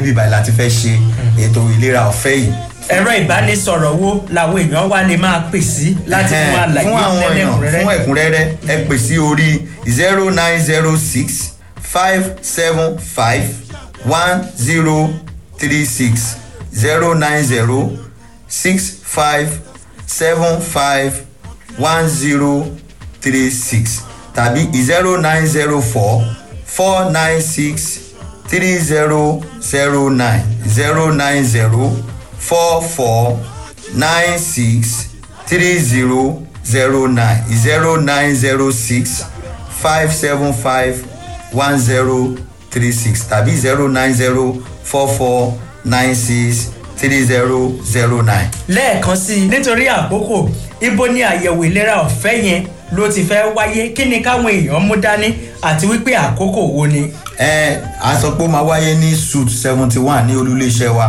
níbi ìbàdàn láti fẹ́ ṣe ètò ìlera ọ̀fẹ́ yìí. ẹ̀rọ ìbánisọ̀rọ̀ wo làwọn èèyàn wá lè máa pè sí láti fún àlàyé lẹ́lẹ́kùnrẹ́rẹ́ fún ẹ̀kúnrẹ́rẹ́ ẹ pè sí orí zero nine zero six five seven five one zero three six zero nine zero six five seven five one zero three six tàbí zero nine zero four four nine six three zero zero nine zero nine zero four four nine six three zero zero nine zero nine zero six five seven five one zero three six tàbí zero nine zero four four nine six three zero zero nine. lẹ́ẹ̀kan sí i nítorí àkókò ibo ni àyẹ̀wò ìlera ọ̀fẹ́ yẹn ló ti fẹ́ wáyé kí ni káwọn èèyàn mú dání àti wípé àkókò wo ni ẹ a sọ pé ó máa wáyé ní suit seventy one ní olúléeṣẹ́ wa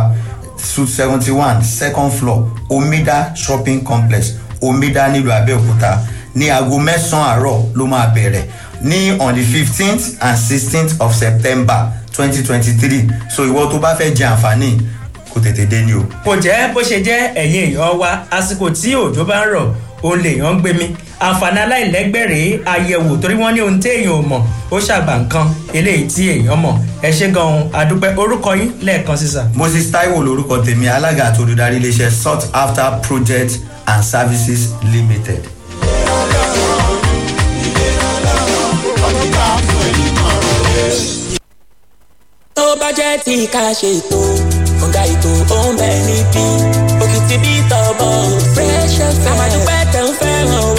suit seventy one second floor omida shopping complex omida nílùú abẹ́òkúta ní aago mẹ́sàn-án àárọ̀ ló máa bẹ̀rẹ̀ ní on the fifteenth and sixteenth of september twenty twenty three so ìwọ tó bá fẹ́ jẹ àǹfààní kò tètè dé ni o. kò jẹ́ bó ṣe jẹ́ ẹ̀yin èèyàn wa àsìkò tí òjò bá ń rọ̀ òun lèèyàn ń gbé mi àǹfààní aláìlẹ́gbẹ̀rẹ́ àyẹ̀wò torí wọ́n ní ohun tí èèyàn ò mọ̀ ó ṣàgbà nǹkan eléyìí tí èèyàn mọ̀ ẹ ṣé gan-an orúkọ yín lẹ́ẹ̀kan sísà. Moses Taiwo lorúkọ tèmi alága àti olùdarí iléeṣẹ́ sought after project and services limited. tó bá jẹ́ tí ká ṣe ètò ọ̀gá ètò ó ń bẹ níbí òkìtì bí tọ́bọ̀ fresh fm. zero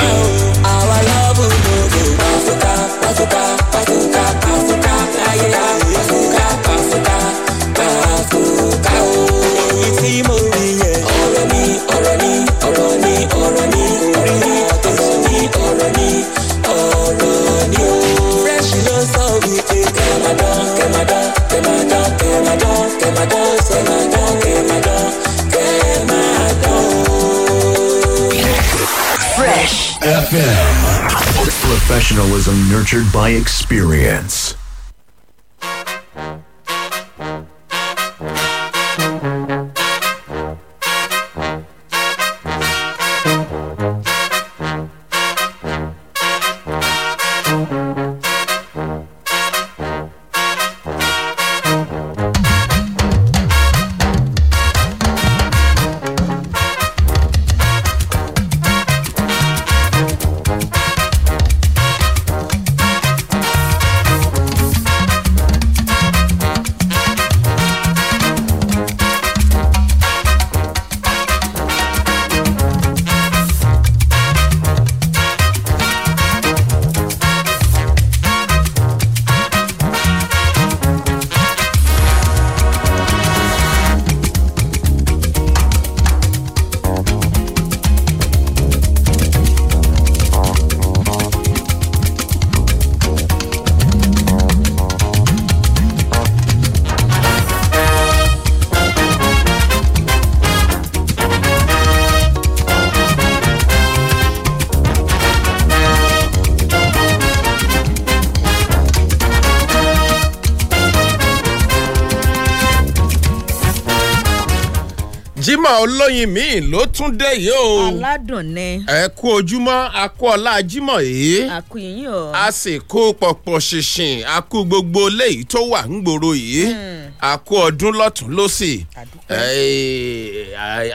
Jimoh olóyin míì ló tún dé yìí o. aládùn ni. ẹ kú ojúmọ́ a kú ọlá Jimoh yìí. a kú yín o. a sì kú pọ̀pọ̀ ṣìnṣìn a kú gbogbo léyìí tó wà ń gbòòrò yìí. Hmm. a kú ọdún lọ́tún lọ́sì.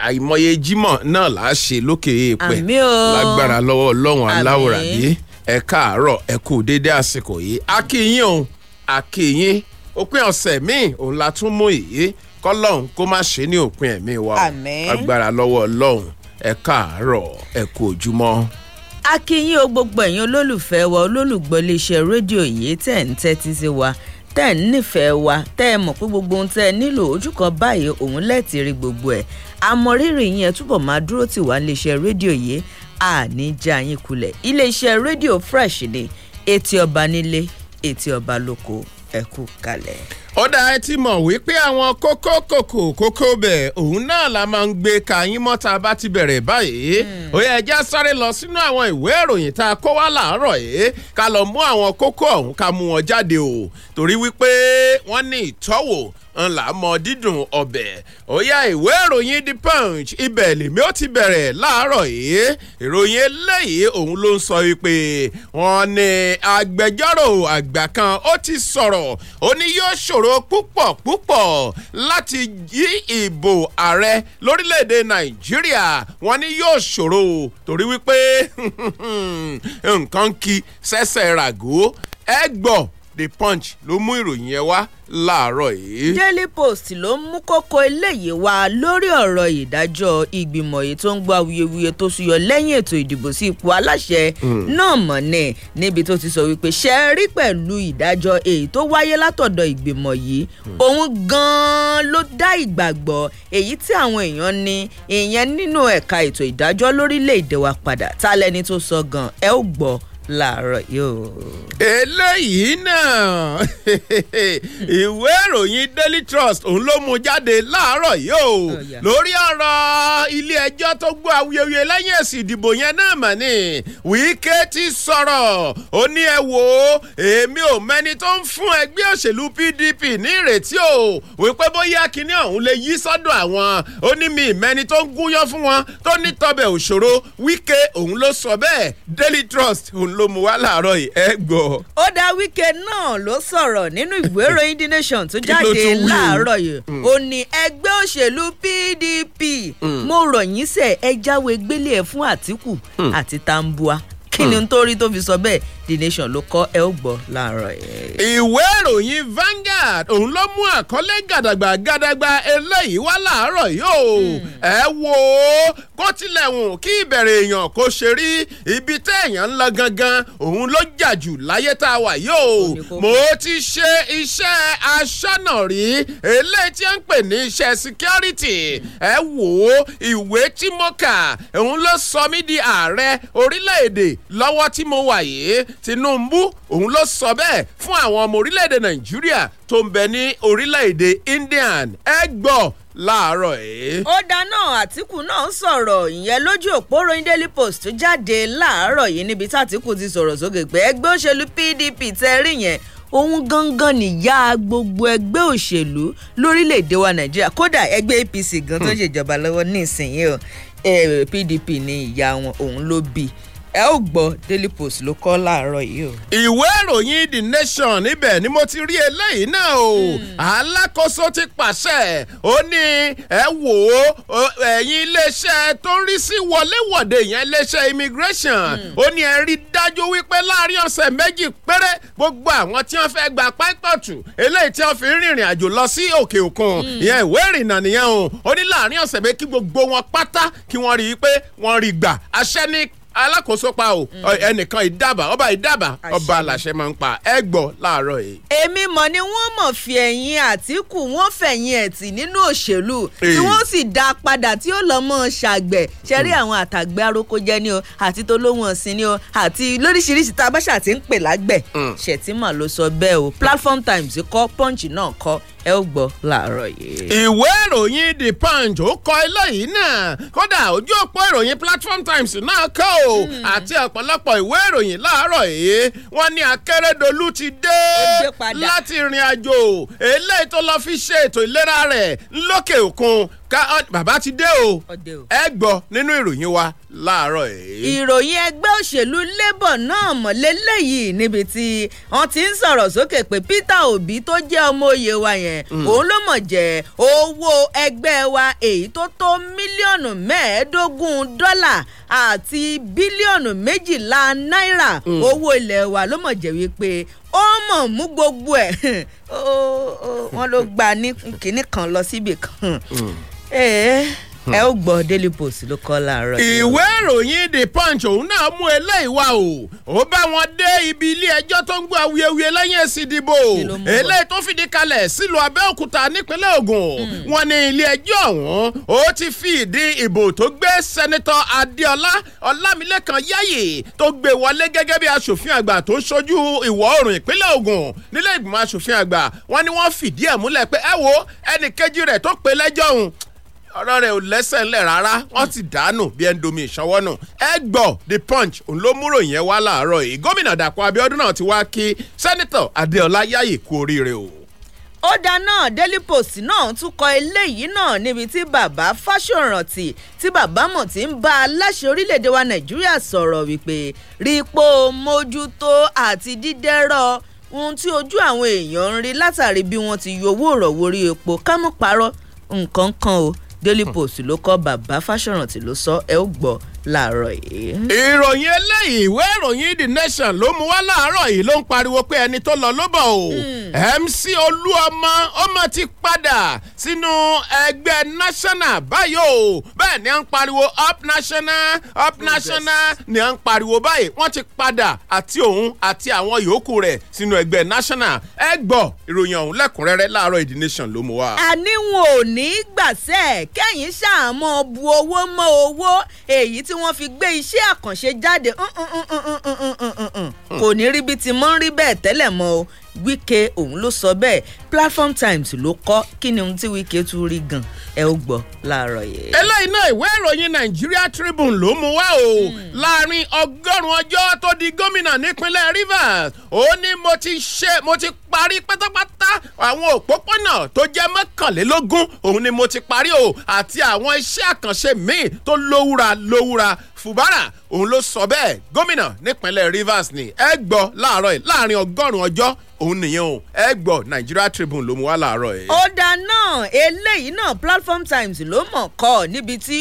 àìmọye Jimoh náà là á ṣe lókè èèpẹ̀. àmì o. lágbára lọ́wọ́ ọlọ́run aláwòrán yìí ẹ káàárọ̀ ẹ kú dédé àsìkò yìí. a kí yín o a kí yín òpin ọ̀sẹ̀ míì òun la tún mú yìí kọ́lọ́hún kó má ṣe ní òpin ẹ̀mí wa agbára lọ́wọ́ ọlọ́hún ẹ káàárọ̀ ẹ kú ojúmọ́. a o gbogbo ẹ̀yin olólùfẹ́ wa olólùgbọ́ iléeṣẹ́ rédíò yìí tẹ̀ ń tẹ́tí sí wa tẹ́ ń nífẹ̀ẹ́ wa tẹ́ ẹ mọ̀ pé gbogbo ohun tẹ́ nílò ojú kan báyìí òun lẹ́ẹ̀tì rí gbogbo ẹ̀ àmọ̀rírì yín túbọ̀ máa dúró tì wá iléeṣẹ́ rédíò yìí àní já yín kulẹ̀ iléeṣẹ́ rédíò fresh ni etí ọba nílé etí ọba lóko ẹ kú kalẹ̀. ọ̀dà ẹ ti mọ̀ wípé àwọn kókó kòkó kókó bẹ̀ òun náà la máa ń gbé kàyín mọ́ta bá ti bẹ̀rẹ̀ báyìí hmm. ó yẹ ẹja sáré lọ sínú àwọn ìwé ìròyìn tá a kó wá làárọ̀ yìí ká lọ mú àwọn kókó ọ̀hún ká mú wọn jáde o torí wípé wọ́n ní ìtọ́wò ńlá mọ dídùn ọbẹ̀ òyà ìwé ìròyìn the punch ibẹ̀ lèmi ó ti bẹ̀rẹ̀ láàárọ̀ yìí ìròyìn eléyìí òun ló ń sọ wípé wọn ni agbẹjọ́rò àgbà kan ó ti sọ̀rọ̀ ó ní yóò ṣòro púpọ̀ púpọ̀ láti yí ìbò ààrẹ lórílẹ̀‐èdè nàìjíríà wọn ni yóò ṣòro torí wípé nǹkan kí sẹ́sẹ̀ ràgó ẹ gbọ́ the punch ló mú ìròyìn yẹn wá láàárọ̀ yìí. daily post ló ń mú kókó eléyìí wá lórí ọ̀rọ̀ ìdájọ́ ìgbìmọ̀ èyí tó ń gbọ́ awuyewuye tó súyọ lẹ́yìn ètò ìdìbò sí ipò aláṣẹ hmm. náà mọ̀ ní níbi tó ti sọ wípé ṣe é rí pẹ̀lú ìdájọ́ èyí tó wáyé látọ̀dọ̀ ìgbìmọ̀ yìí òun gan-an ló dá ìgbàgbọ́ èyí tí àwọn èèyàn ní ìyẹn nínú ẹ̀ka ètò ìdájọ́ lórílẹ̀ wa padà tálẹ́ni tó sọ gan ẹ ó láàárọ̀ yóò. eléyìí náà ìwé ìròyìn daily trust òun ló mú jáde láàárọ̀ yóò oh, lórí ọ̀rọ̀ ilé-ẹjọ́ tó gbọ́ awuyewuye lẹ́yìn èsì ìdìbò yẹn náà mà ní Wike ti sọ̀rọ̀ ó ní ẹ wò ó èmi ò mẹ́ni tó ń fún ẹgbẹ́ òṣèlú PDP ní ìrètí o wípé bóyá kinní ọ̀hún lè yí sọ́dọ̀ àwọn ó ní mi ìmẹ́ni tó ń gúnyán fún wọn tó ní tọbẹ̀ òṣòro Wike òun ló sọ bẹ́ẹ̀ daily trust òun ló ló mú wá láàárọ̀ yìí ẹ gbọ́. ó dá wíkẹ́ náà ló sọ̀rọ̀ nínú ìwé ìròyìn the nation tó jáde láàárọ̀ yìí hmm. ó ní ẹgbẹ́ òṣèlú pdp hmm. mo rọ̀ yín sẹ́ ẹ jáwé gbélé ẹ̀ fún àtìkù hmm. àti tambua kí ni n tó rí tó fi sọ bẹ́ẹ̀ The Nation ló kọ ẹ ó gbọ́ láàárọ̀ yẹn. ìwé ìròyìn Vanguard òun ló mú àkọlé gàdàgbà gàdàgbà eléyìí wá láàárọ̀ yìí o hmm. ẹ wo kó tilẹ̀ wùn kí ìbẹ̀rẹ̀ èèyàn kó ṣe rí ibi tẹ́ èèyàn ń lọ gangan òun ló jà jù láyé tá a wà yìí o mo ti ṣe iṣẹ́ aṣọ́nà rí eléyìí tí ń pè ní iṣẹ́ security ẹ wo, ó ìwé tí mo kà òun ló sọ mí di ààrẹ orílẹ̀-èdè lọ́wọ́ tí mo wà yìí Tinubu òun ló sọ bẹ́ẹ̀ fún àwọn ọmọ orílẹ̀-èdè Nàìjíríà tó ń bẹ ní orílẹ̀-èdè Indian ẹ gbọ́ láàárọ̀ ẹ̀. ó dáná àtìkù náà sọ̀rọ̀ ìyẹn lójú òpó ròyìn daily post jáde láàárọ̀ yìí níbi tí àtìkù ti sọ̀rọ̀ sókè pé ẹgbẹ́ òṣèlú PDP tẹ́ rí yẹn òun gangan nìyá gbogbo ẹgbẹ́ òṣèlú lórílẹ̀‐èdè wa nàìjíríà kódà ẹgbẹ́ APC gan tó ń ṣèjọba lọ́wọ́ nísìnyí o PDP ni ìyá wọn òun ló bí ẹ ó gbọ́ daily post ló kọ́ láàárọ̀ yìí o. ìwé ìròyìn the nation níbẹ̀ ni mo ti rí eléyìí náà o hmm. alákòóso ti pàṣẹ ó ní ẹ wò ó ẹ̀yin iléeṣẹ́ tó ń rí sí wọléwọ̀de yẹn iléeṣẹ́ immigration hmm. ó ní ẹ rí dájú wípé láàrin ọ̀sẹ̀ méjì péré gbogbo àwọn tí wọ́n fẹ́ gba pápátù eléyìí tí wọ́n fi ń rìnrìn àjò lọ sí òkè òkun hmm. ìyẹn ìwé ìrìnnà nìyẹn o ó ní láàrin ọ̀sẹ̀ méjì gbogbo wọn pátá kí wọ́n rí i pé wọ́n rí gbà àṣẹ ní alákòóso pa o mm. ẹnìkan ìdábà ọba ìdábà ọba aláṣẹ máa ń pa ẹ gbọ́ láàárọ̀ yìí. èmi mọ̀ ni wọ́n mọ̀ fi ẹ̀yìn àtìkù wọ́n fẹ̀yìn ẹ̀tì nínú òṣèlú tí wọ́n sì dá a padà tí ó lọ́ mọ́ ṣàgbẹ̀ ṣe rí mm. àwọn àtàgbẹ́ aróko jẹ́ ni o àti tolóhùn ọ̀sìn ni o àti lóríṣiríṣi tá a bá ṣàtì ń pè lágbẹ̀ mm. ṣètìmọ̀ ló sọ bẹ́ẹ̀ o platform times kọ́ punch náà kọ́ ẹ ó gbọ́ láàárọ̀ yìí. ìwé ìròyìn the punch ó kọ eléyìí náà kódà ojú òpó ìròyìn platform times náà kọ o hmm. àti ọ̀pọ̀lọpọ̀ ìwé ìròyìn láàárọ̀ yìí wọ́n ní akérèdọ́lù ti dé láti ìrìn àjò eléyìí tó lọ́ọ́ fi ṣe ètò ìlera rẹ̀ lókè òkun ká bàbá ti dé o ẹ gbọ́ nínú ìròyìn wa láàárọ̀ yìí. ìròyìn ẹgbẹ́ òṣèlú labour náà mọ̀lẹ́lẹ́yìí níbi tí wọ́n ti ń sọ̀rọ̀ sókè pé Peter Obi tó jẹ́ ọmọ oyè wa yẹn yẹn mm. òun ló mọ̀ jẹ́ owó ẹgbẹ́ wa èyí tó tó mílíọ̀nù mẹ́ẹ̀ẹ́dógún dọ́là àti bílíọ̀nù méjìlá náírà mm. owó ilẹ̀ wa ló mọ̀ jẹ́ wípé ó mọ̀ mú gbogbo ẹ̀ wọ́n ló gba ní kinní kan lọ síbì kan. Mm. Eh, ẹ ó gbọ́ daily post ló kọ́ láàárọ̀. ìwé ìròyìn the punch òun náà mú eléyìí wá o ó bá wọn dé ibi ilé ẹjọ́ tó ń gbọ́ awuyewuye lẹ́yìn èsì ìdìbò eléyìí tó fìdí kalẹ̀ sílùú abẹ́òkúta nípínlẹ̀ ògùn hmm. wọn ní ilé ẹjọ́ ọ̀hún ó ti fi ìdí ìbò tó gbé sẹ́nitọ́ adéọlá ọlámilẹ́kan yáyè tó gbé wọlé gẹ́gẹ́ bí asòfin àgbà tó ń ṣojú ìwọ̀ oòrùn ìpínlẹ̀ ògùn nílé ìgbìmọ̀ asòfin àgbà wọn ni wọ́n fìdí ẹ̀ múlẹ̀ pé ẹ wo ẹnìkejì rẹ̀ tó pe lẹ́jọ́ ọ̀hún ọ̀rọ̀ rẹ̀ ò lẹ́sẹ̀ ńlẹ̀ rárá wọ́n ti dànù bí ẹni ìṣọwọ́ nù ẹ gbọ́ the punch òun ló múrò yẹn wá láàárọ̀ yìí gómìnà dàpọ̀ abíọ́dún náà ti wá kí sẹ́nitọ̀ adéọlá yáyè kú oríire o. ó dáná daily post náà tún kọ eléyìí náà níbi tí bàbá fáṣọrántì tí bàbá mọ̀ ti ń bá aláṣẹ orílẹ̀-èdè wa nàìjíríà sọ̀rọ̀ wípé rípò mójútó àti dídẹ́rọ̀ ohun tí ojú àwọn èèyàn ń rí látàrí bí wọ́n ti yọ owó ìrọ̀wórí epo ká parọ́ nǹkan kan o Daily Post ló kọ bàbá Fáṣọ̀rántì ló sọ ẹ ó gbọ́ láàárọ̀ yìí. ìròyìn eléyìí ìwé ìròyìn the nation ló mú wá láàárọ̀ yìí ló ń pariwo pé ẹni tó lọ ló bọ̀ o mc hmm. olúọmọ ọmọ ti padà sínú ẹgbẹ́ national báyìí o bẹ́ẹ̀ ni à ń pariwo up national up national ni à ń pariwo báyìí wọ́n ti padà àti òun àti àwọn yòókù rẹ̀ sínú ẹgbẹ́ national ẹ gbọ́ ìròyìn ọ̀hún lẹ́kùnrẹ́rẹ́ láàárọ̀ the nation ló mú wá. àníwọ̀n ò ní gbàṣẹ́ kẹ́yìn ṣàmọ́ bu owó mọ́ owó èyí tí tí wọ́n fi gbé iṣẹ́ àkànṣe jáde mm, mm, mm, kò ní rí bí ti mọ́ ń rí bẹ́ẹ̀ tẹ́lẹ̀ mọ́ o Wike òun ló sọ bẹ́ẹ̀ Platform Times ló kọ kí ni ohun tí Wike tún rí gan ẹ ó gbọ́ láàárọ̀ yìí. eléyìí náà ìwé ìròyìn Nigeria Tribune ló mú wá o hmm. láàrin ọgọ́rùn-ún ọjọ́ tó di gómìnà nípínlẹ̀ Rivers ó ní mo ti ṣe mo ti parí pátápátá àwọn òpópónà tó jẹ́ mọ́kànlélógún òun ni mo ti parí o àti àwọn iṣẹ́ àkànṣe míì tó lówúra lówúra fubara òun ló sọ bẹ́ẹ̀ gómìnà nípínlẹ̀ rivers ni ẹ gbọ́ láàárọ̀ yìí láàrin ọgọ́rùn-ún òun nìyẹn o ẹ gbọ́ nigeria tribune ló mú wá láàárọ̀ yìí. ó náà eléyìí náà platform times ló mọ̀ kọ́ níbi tí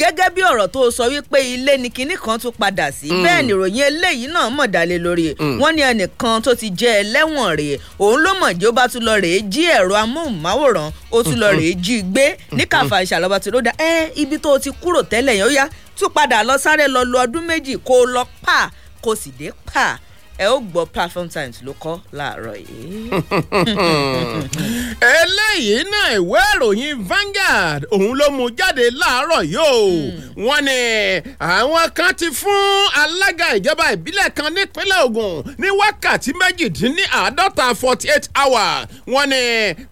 gẹ́gẹ́ bí ọ̀rọ̀ tó sọ wípé ilé ni kinní kan tún padà sí mm. bẹ́ẹ̀ nìròyìn eléyìí náà mọ̀ dalẹ̀ lórí mm. wọn ní ẹnìkan tó ti jẹ́ ẹlẹ́wọ̀n rèé òun ló mọ̀ jẹ́ ó bá tún lọ rèé jí ẹ̀rọ amóhùnmáwòrán ó tún lọ rèé jí gbé ní mm-hmm. kàfà ìṣàlọ́ba tó ló dá ẹ ibi tó ti kúrò tẹ́lẹ̀ yẹn ó yá tún padà lọ sáré lọ lo ọdún méjì kó lọ pa kó sì dé pa ẹ ó gbọ́ platform times ló kọ láàárọ̀ yìí. eléyìí náà ìwé ìròyìn Vanguard òun ló mú jáde láàárọ̀ yìí o hmm. wọ́n ní àwọn kan ti fún alága ìjọba ìbílẹ̀ kan nípínlẹ̀ Ògùn ní wákàtí méjìdínláàádọ́ta forty eight hour wọ́n ní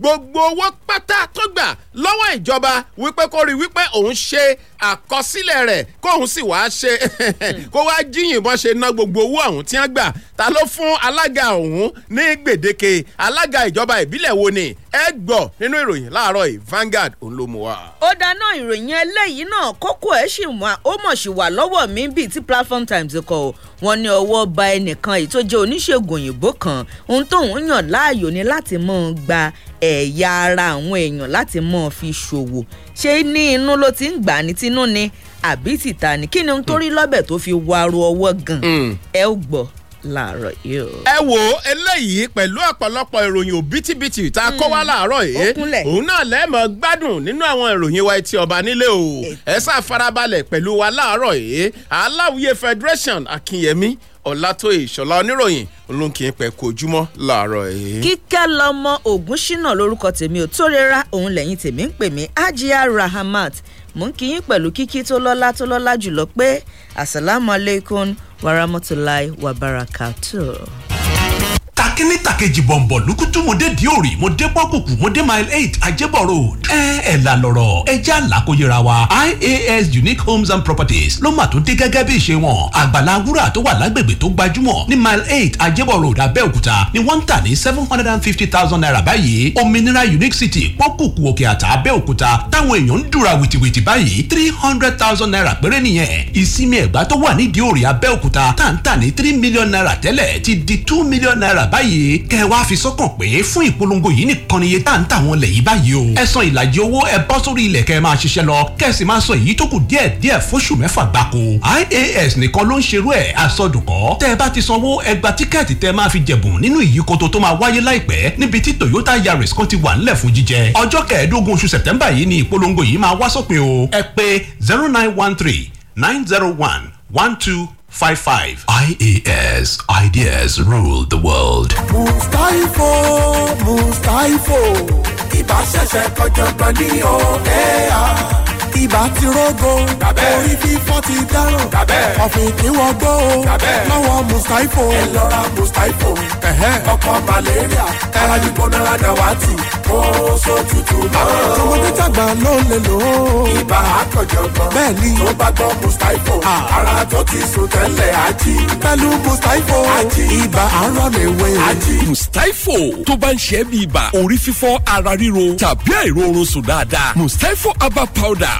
gbogbo owó pátá tó gbà lọ́wọ́ ìjọba wípé kó rí wípé òun ṣe àkọsílẹ̀ rẹ̀ kóun sì wá ṣe kó wá jíyìn bọ́n ṣe ná gbogbo owó ọ̀hún tí wọ́n gbà ta ló fún alága ọ̀hún ní gbèdéke alága ìjọba ìbílẹ̀ wo ni ẹ gbọ́ nínú ìròyìn láàárọ̀ yìí Vanguard òun ó dáná ìròyìn eléyìí náà kókó ẹ̀ ṣì wà ó mọ̀ sí wà lọ́wọ́ mi bíi ti Platform Times kọ o wọ́n ní ọwọ́ ba ẹnìkan èyí tó jẹ́ oníṣègùn òyìnbó kan ohun tóun yàn láàyò ni láti mọ̀ ọ́n gba ẹ̀yà ara àwọn èèyàn láti mọ̀ ọ́n fi ṣòwò ṣé ní inú ló ti ń gbà ní tinú ni àbí tìta ni kí ni n torí hmm. lọ́bẹ̀ tó fi waro ọwọ́ gan hmm. ẹ ó gbọ́ láàárọ̀ yìí o. ẹ wo eléyìí pẹ̀lú ọ̀pọ̀lọpọ̀ ìròyìn òbítíbitì tá a kó wá mm. láàárọ̀ yìí òun náà lẹ́ẹ̀mọ́ gbádùn nínú àwọn ìròyìn wa etí ọba nílé o ẹ sá pẹ̀lú wa láàárọ̀ yìí aláwùyé federation akínyẹmí ọ̀làtòyè ìṣọ̀lá oníròyìn olóhùn kì í pẹ́ kó ojúmọ́ làárọ̀ yìí. kíkẹ́ lọmọ ògúnṣínà lórúkọ tèmi ò tórera òun lẹ́yìn tèmi ń pè mí ajia rahamat mò kí yín pẹ̀lú kíkí tó lọ́lá tó lọ́lá jùlọ pé asalaamualeykum warahmatullahi wabarakatuh akíní tàkejì bọ̀m̀bọ̀ lukutu mo dé diori mo dé pọ́kùkù mo dé mile eight ajébọ̀ road ẹ ẹ̀ là lọ̀rọ̀ ẹ já làkóyèrà wa ias unique homes and properties ló mà tó dé gẹ́gẹ́ bí ìṣe wọn àgbàlá wúrà tó wà lágbègbè tó gbajúmọ̀ ní mile eight ajébọ̀ road abẹ́òkúta ni wọ́n ń tà ní seven hundred and fifty thousand naira báyìí òmìnira unique city pọ́kùkù òkè àtà abẹ́òkúta táwọn èèyàn ń dùra wìtìwìtì báyìí three hundred thousand naira péré nìyẹn ìsinmi ẹ̀gbá tó wà nídìí òrì abẹ́òkúta tá à three million naira tẹ́lẹ̀ ti two million naira báyìí báyìí kẹ́ ẹ wá fi sọ́kàn pé fún ìpolongo yìí nìkan niye tá à ń tà wọn lẹ̀ yìí báyìí o ẹ san ìlàjì owó ẹ bọ́ sórí ilẹ̀ kẹ́ ẹ máa ṣiṣẹ́ lọ kẹ́ ẹ sì máa san èyí tó kù díẹ̀ díẹ̀ fóṣù mẹ́fà gbáko IAS nìkan ló ń ṣerú ẹ̀ àsọdùnkọ́ tẹ́ ẹ bá ti sanwó ẹ gba tíkẹ́ẹ̀tì tẹ́ ẹ máa fi jẹ̀bùn nínú ìyíkoto tó máa wáyé láìpẹ́ níbi tí Toyota Yaris kan ti wà ńlẹ̀ fún jíjẹ September yìí ni ìpolongo yìí o ẹ zero nine one three nine zero one one two 55. IAS ideas rule the world. Mustaifo, Mustaifo, ibà ti rógo orí fífọ́ ti dáràn ọ̀fìn kí wọ́n gbó o lọ́wọ́ mùsítáífò. ẹ lọ ra mùsítáífò ọkọ̀ malaria alájùbọ̀ náírà dàwátì ó so tutù náà. tọmọdé tàgbà ló lè lò ó. ibà àkànjọ̀gbọ́n bẹ́ẹ̀ ni tó bá gbọ́ mùsítáífò ara tó ti sùn tẹ́lẹ̀ ají. pẹ̀lú mùsítáífò ají ibà arọ lè wé. ají mùsítáífò tó bá ń ṣe é bí ibà orí fífọ́ ara ríro tàbí àìróorun sùn dáadáa mùsítáífò herbal powder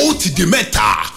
Outi Di Meta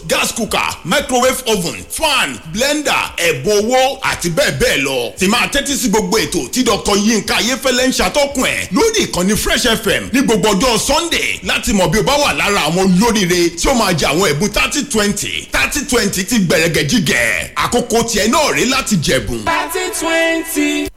gas cooker microwave oven fan blender ẹ̀bùn owó àti bẹ́ẹ̀ bẹ́ẹ̀ lọ. tí máa tẹ́tí sí gbogbo ètò tí dr yinka ayéfẹ́lẹ́ ń ṣàtọ́kùn ẹ̀ lórí ìkànnì fresh fm ní gbogbo ọjọ́ sunday láti mọ̀ bí o bá wà lára àwọn olóríire tí ó máa jẹ àwọn ẹ̀bùn thirty twenty thirty twenty ti gbẹ̀rẹ̀gẹ̀ jíjẹ àkókò tiẹ̀ náà rí láti jẹ̀bùn. thirty twenty.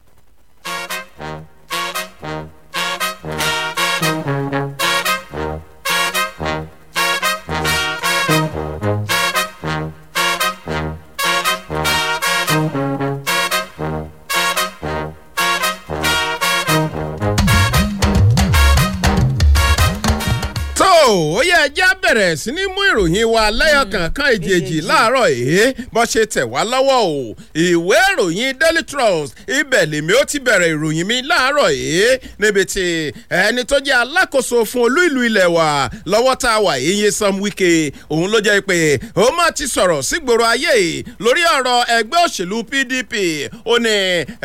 ó yẹ ẹjẹ́ á bẹ̀rẹ̀ sí ní mú ìròyìn wa lẹ́yọ̀ kankan mm. èjèèjì mm-hmm. láàárọ̀ èé bó ṣe tẹ̀ wá lọ́wọ́ o ìwé ìròyìn Daily Trust ibẹ̀ lèmi ó ti bẹ̀rẹ̀ ìròyìn mi láàárọ̀ èé níbi tí ẹni tó jẹ́ alákòóso fún olú ìlú ilẹ̀ wa lọ́wọ́ tá a wà iye Sam Wike òun ló jẹ́ pé ó má ti sọ̀rọ̀ sígboro ayé lórí ọ̀rọ̀ ẹgbẹ́ òṣèlú PDP ó ní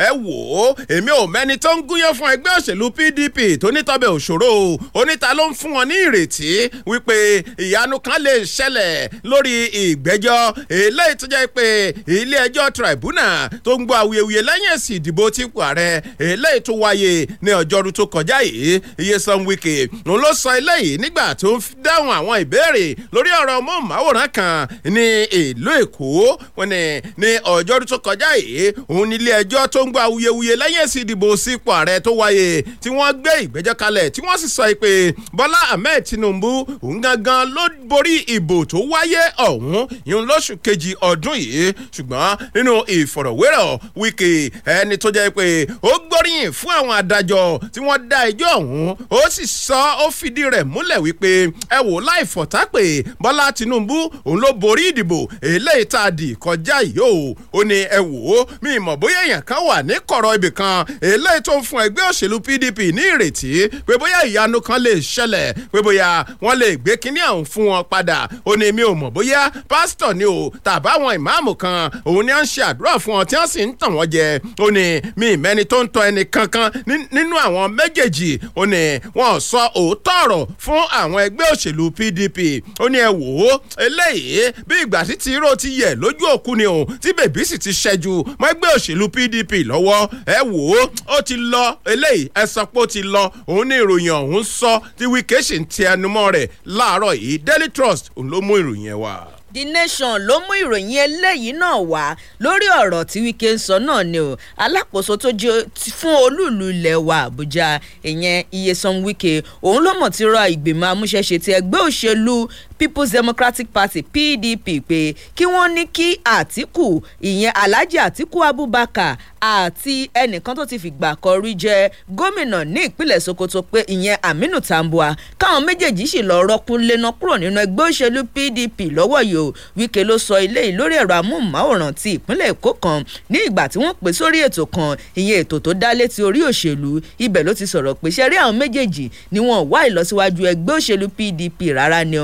ẹ wò ó èmi ò mẹ́ni tó ń gúnyán fún ẹgbẹ́ òṣèlú PDP tó nítọ́bẹ̀ òṣòro onítà ló ń fún wọn ní ìrètí yìí wípé ìyanu kan lè ṣẹlẹ̀ lórí ìgbẹ́jọ́ eléyìí tó jẹ́ pé ilé ẹjọ́ tribunal tó ń gbọ́ awuyewuye lẹ́yìn èsì ìdìbò tí ipò ààrẹ eléyìí tó wáyé ní ọjọ́rú tó kọjá yìí Nyesom Wike òun ló sọ eléyìí nígbà tó ń dáhùn àwọn ìbéèrè lórí ọ̀rọ̀ móhùnmáwòrán kan ní ìlú Èkó wọn ni ní ọjọ́rú tó kọjá yìí òun ní ilé ẹjọ́ tó ń gbọ́ awuyewuye lẹ́yìn èsì ìdìbò sí ipò ààrẹ tó wáyé tí wọ́n gbé ìgbẹ́jọ́ kalẹ̀ tí wọ́n sì sọ pé Bọ́lá Ahmed Tinubu Tinubu òun gangan ló borí ìbò tó wáyé ọ̀hún ìhun lóṣù kejì ọdún yìí ṣùgbọ́n nínú ìfọ̀rọ̀wérọ̀ wíkì ẹni tó jẹ́ pé ó gbóríyìn fún àwọn adájọ́ tí wọ́n dá ẹjọ́ ọ̀hún ó sì sọ ó fìdí rẹ̀ múlẹ̀ wípé ẹ wò láì fọ̀tá pé Bọ́lá Tinubu òun ló borí ìdìbò eléyìí tá a dì kọjá yìí o ó ní ẹ wò ó mi ìmọ̀ bóyá èèyàn kan wà ní kọ̀rọ̀ ibì eléyìí tó ń fún ẹgbẹ́ òṣèlú PDP ní ìrètí pé bóyá ìyanu kan lè ṣẹlẹ̀ pé bóyá wọ́n lè gbé kínní àwọn fún wọn padà ó ní mi ò mọ̀ bóyá pásítọ̀ ni o tàbáwọn ìmáàmù kan òun ni à ń ṣe àdúrà fún wọn tí wọ́n sì ń tàn wọ́n jẹ ó ní mi mẹ́ni tó ń tọ́ ẹni kankan nínú àwọn méjèèjì ó ní wọ́n sọ òótọ́ ọ̀rọ̀ fún àwọn ẹgbẹ́ òṣèlú PDP ó ní ẹ wò ó eléyìí bí ìgbà tí tìró ti yẹ lójú òkú ni o tí bèbí sì ti ṣẹ́jú mọ́ ẹgbẹ́ òṣèlú PDP lọ́wọ́ ẹ wò ó ó ti lọ eléyìí ẹ sọ pé ó ti lọ òun ní ìròyìn ọ̀hún sọ tí Wike sì ń tẹnumọ́ lójoojúmọ́ rẹ̀ láàárọ̀ yìí Daily Trust òun ló mú ìròyìn ẹ̀ wá. The Nation ló mú ìròyìn eléyìí náà wá lórí ọ̀rọ̀ tí Wike ń sọ náà ni o alákòóso tó jẹ́ fún olúùlú ilẹ̀ wa Àbújá ìyẹn Iyesan Wike òun ló mọ̀ ti rọ ìgbìmọ̀ amúṣẹ́ṣe ti ẹgbẹ́ òṣèlú people's democratic party pdp pé kí wọ́n ní kí àtìkù ìyẹn alhaji àtìkù abubakar àti ẹnìkan tó ti fìgbà kan rí jẹ gómìnà ní ìpínlẹ̀ sokoto pé ìyẹn aminu tambua káwọn méjèèjì sì lọ rọkún lena kúrò nínú ẹgbẹ́ òṣèlú pdp lọ́wọ́ yìí o wike ló sọ ilé yìí lórí ẹ̀rọ amóhùnmáwòrán ti ìpínlẹ̀ èkó kan ní ìgbà tí wọ́n pè sórí ètò kan ìyẹn ètò tó dá létí orí òṣèlú ibẹ̀ ló ti sọ̀rọ̀ pé ṣẹ́rí àwọn méjèèjì ni wọ́n wá ìlọsíwájú ẹgbẹ́ òṣèlú pdp rárá ni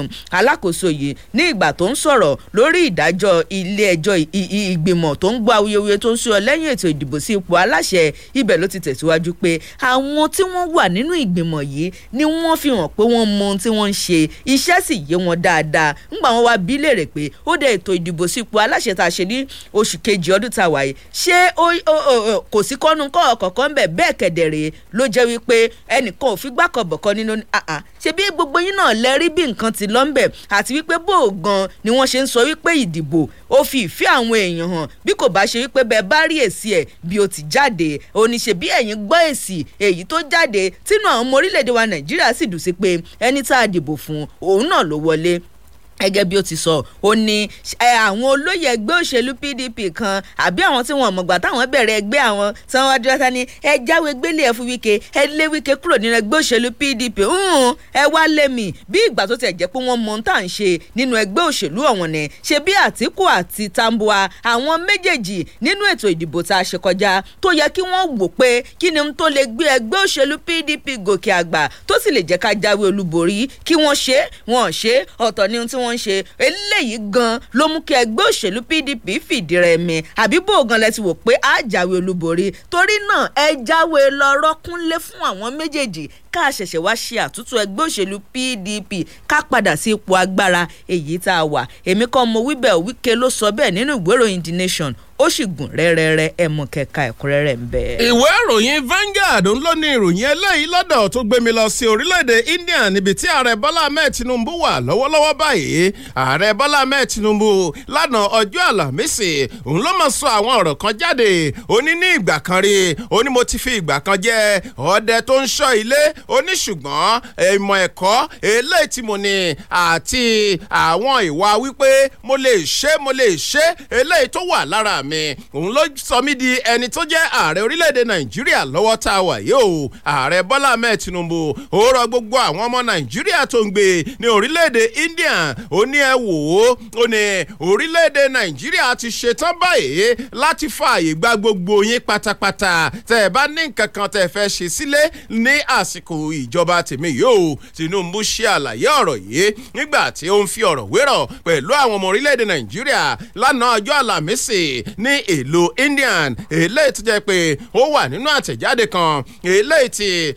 alákòóso yìí ní ìgbà tó ń sọ̀rọ̀ lórí ìdájọ́ ilé-ẹjọ́ ìgbìmọ̀ tó ń gbọ́ awuyewuye tó ń sọ lẹ́yìn ètò ìdìbò sí ipò aláṣẹ ibẹ̀ ló ti tẹ̀síwájú pé àwọn tí wọ́n wà nínú ìgbìmọ̀ yìí ni wọ́n fi hàn pé wọ́n mọ ohun tí wọ́n ń ṣe iṣẹ́ sì yé wọn dáadáa ńgbà wọn wá bí léèrè pé ó dẹ ètò ìdìbò sí ipò aláṣẹ tá a ṣe ní oṣù kejì ọdún tá a wáyé ṣé kò sí kọ́nu kọ̀ọ̀kọ̀ọ̀kan ń bẹ̀ bẹ́ẹ̀ kẹ̀dẹ̀rẹ̀ ló jẹ́ wípé ẹnìkan ò fi gbàkọ̀bọ̀kọ nínú ṣebí gbogbo yín náà lẹ́rí bí nǹkan ti lọ́ńbẹ̀ àti wípé bó o gan ni wọ́n ṣe ń sọ wípé ìdìbò ó fi ìfẹ́ àwọn èèyàn hàn bí kò bá ṣe wípé bẹ́ẹ̀ bá rí èsì ẹ̀ bí ó ti jáde oníṣe bí ẹ̀yin gbọ́ èsì èyí tó jáde tínú àwọn ọmọ orílẹ̀-èdè wa Nàìjíríà sì dùn sí pé ẹni tá a dìbò fún òun náà ló wọlé gẹ́gẹ́ bí ó ti sọ ó ní àwọn olóyè ẹgbẹ́ òṣèlú pdp kan àbí àwọn tí wọn mọ̀gbà táwọn bẹ̀rẹ̀ ẹgbẹ́ àwọn tí wọ́n dúró sani ẹ jáwé gbélé ẹ fún wíkẹ́ ẹ lé wíkẹ́ kúrò nínú ẹgbẹ́ òṣèlú pdp ẹ wá lé mi bí ìgbà tó tẹ̀ jẹ́ pé wọ́n mọ ohun tá à ń ṣe nínú ẹgbẹ́ òṣèlú ọ̀wọ̀n ni ṣe bí àtìkù àti tambuwa àwọn méjèèjì nínú ètò ìdìbò tá pdp gòkè àgbà tó sì lè jẹ́ ká jáwé olúborí wọ́n ń ṣe eléyìí gan ló mú kí ẹgbẹ́ òṣèlú PDP fìdí rẹmi àbí bó gan lẹ ti wò pé á jáwé olúborí torí náà ẹ jáwé lọ́rọ́ kúnlé fún àwọn méjèèjì ká ṣẹ̀ṣẹ̀ wá ṣe àtúntò ẹgbẹ́ òṣèlú PDP ká padà sí ipò agbára èyí tá a wà èmi kọ́ mo wíbẹ̀ wíkẹ́ ló sọ bẹ́ẹ̀ nínú ìwé The Nation ó sì gùn rẹ́rẹ́rẹ́ ẹ mọ kẹka ẹ̀kúnrẹ́rẹ́ ń bẹ. ìwé ìròyìn Vanguard ń lọ ní ìròyìn eléyìí lọ́dọ̀ tó gbé mi lọ sí orílẹ̀-èdè India níbi tí ààrẹ Bọ́lá Ahmed Tinubu wà lọ́wọ́lọ́wọ́ báyìí ààrẹ Bọ́lá Ahmed Tinubu lánàá ọjọ́ Àlàmísì òun ló mọ̀ sọ àwọn ọ̀rọ̀ kan jáde ó ní ní ìgbà kan rí ó ní mo ti fi ìgbà kan jẹ́ ọdẹ tó ń ṣọ́ ilé ó ṣùgbọ́n ìmọ̀ ẹ̀kọ́ eléyìí tí mo ní àti àwọn ìwà wípé mo lè ṣe mo lè ṣe eléyìí tó wà lára mi òun ló sọ mí di ẹni tó jẹ́ ààrẹ orílẹ̀-èdè nàìjíríà lọ́wọ́ tá a wà yìí o ààrẹ bọ́lá ahmed tinubu ó rọ gbogbo àwọn ọmọ nàìjíríà tó ń gbé ní orílẹ̀-èdè india ó ní ẹ wò ó ó ní orílẹ̀-èdè nàìjíríà ti ṣetán báyìí láti fààyè gba gbogbo yín pátápátá tẹ́ ẹ bá ní nǹkan kan tẹ́ ẹ fẹ́ ṣe sílé ní àsìkò ìjọba tèmi yìí o tinubu ṣe àlàyé ọ̀rọ̀ yìí nígbà tí ó ń fi ọ̀rọ̀ wérọ̀ pẹ̀lú àwọn ọmọ orílẹ̀-èdè nàìjíríà lánàá ọjọ́ àlàmísì ní ìlú indian eléyìí tó jẹ́ pé ó wà nínú àtẹ̀jáde kan eléyìí tí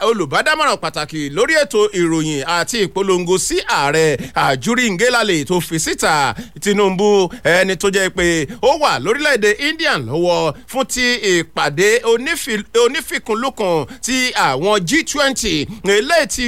olùbádámọ̀ràn pàtàkì lórí ètò ìròyìn àti ìpolongo sí ààrẹ àjúrí ngelale tó fi síta tinubu ẹni tó jẹ́ pé ó wà lórílẹ̀‐èdè indian lọ́wọ́ fún ti ìpàdé onífikùnlukùn ti àwọn g20 eléyìí tí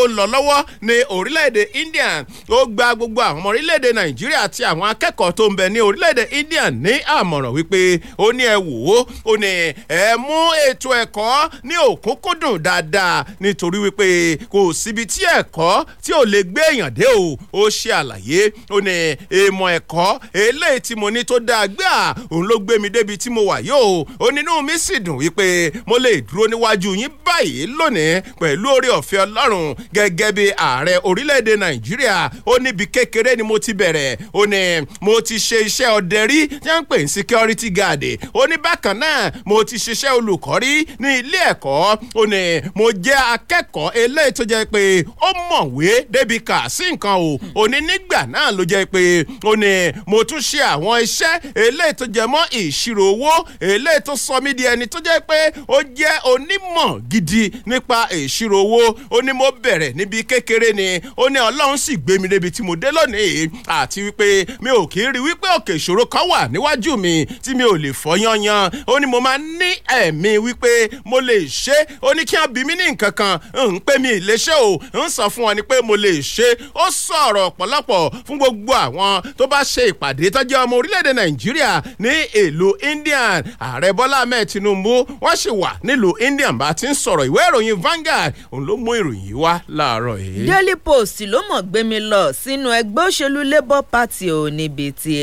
ó lọ lọ́wọ́ ní orílẹ̀‐èdè indian ó gba gbogbo àwọn ọmọ orílẹ̀‐èdè nàìjíríà àti àwọn akẹ́kọ̀ọ́ tó ń bẹ ní orílẹ̀‐èdè indian media ní àmọ̀ràn wípé ó ní ẹ wò ó ó ní ẹ mú ètò ẹ̀kọ́ ní òkúnkúndùn dáadáa nítorí wípé kò síbi tí ẹ̀kọ́ tí ò lè gbé èèyàn dé o ó ṣe àlàyé ó ní èèmọ̀ ẹ̀kọ́ eléyìí tí mo ní tó dáa gbé òun ló gbé mi débi tí mo wà yóò ó nínú mi sì dùn wípé mo lè dúró níwájú yín báyìí lónìí pẹ̀lú oore ọ̀fẹ́ ọlọ́run gẹ́gẹ́ bí ààrẹ orílẹ̀-èdè nàìjíríà ó níbi kékeré ni mo ti bẹ̀rẹ̀ ó ní mo ti ṣe iṣẹ́ ọdẹ rí tí wọ́n ń pè ní security guard ó ní bákan náà mo ti ṣiṣẹ́ olùkọ́ rí ní ilé ẹ̀kọ́ ó ní mo jẹ́ akẹ́kọ̀ọ́ eléyìí tó jẹ́ pé ó mọ̀wé débi kà sí nǹkan o ó ní nígbà náà ló jẹ́ pé ó ní mo tún ṣe àwọn iṣẹ́ eléyìí tó jẹ mọ́ ìṣirò owó eléyìí tó sọ mí di ẹni tó jẹ́ pé ó jẹ́ onímọ̀ gidi nípa ìṣirò owó ó ní mo bẹ̀rẹ̀ níbi kékeré ni ó ní ọlọ́run sì gbé mi débi tí mo dé lónìí àti wípé mi ò kì í rí wípé òkè ìṣòro kan kan wà níwájú mi tí mi ò lè fọ́ yanyan ó ní mo máa ní ẹ̀mí wípé mo lè ṣe ó ní kí wọ́n mi ní nǹkan kan ń pè mí lè ṣe o ń sọ fún wọn ni pé mo lè ṣe ó sọ̀rọ̀ ọ̀pọ̀lọpọ̀ fún gbogbo àwọn tó bá ṣe ìpàdé tọ́jú ọmọ orílẹ̀-èdè nàìjíríà ní ìlú indian ààrẹ bọ́lá ahmed tinubu wọ́n sì wà nílùú indian bá ti ń sọ̀rọ̀ ìwé ìròyìn Vanguard òun ló mú ìròyìn yìí wá láàárọ̀ yìí. Daily Post ló mọ̀ gbé mi lọ sínú ẹgbẹ́ òṣèlú Labour Party ò níbi tí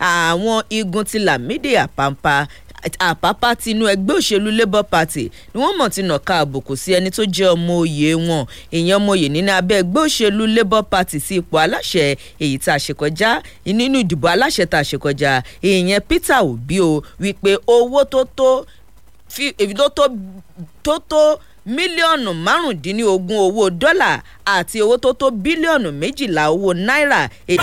àwọn àwọn igun ti Lamidi Àpáǹpá àpápá ti inú ẹgbẹ́ òṣèlú labour party ni wọ́n mọ̀ ti nàka àbùkù sí ẹni tó jẹ́ ọmọ oyè wọn ìyẹn ọmọ oyè nínú abẹ́ ẹgbẹ́ òṣèlú labour party sí ipò aláṣẹ èyí tá a ṣe kọjá nínú ìdìbò aláṣẹ tá a ṣe kọjá ìyẹn Peter Obi o wípé owó tó tó tó tó mílíọ̀nù márùndínlógún owó dọ́là àti owó tó tó bílíọ̀nù méjìlá owó náírà. E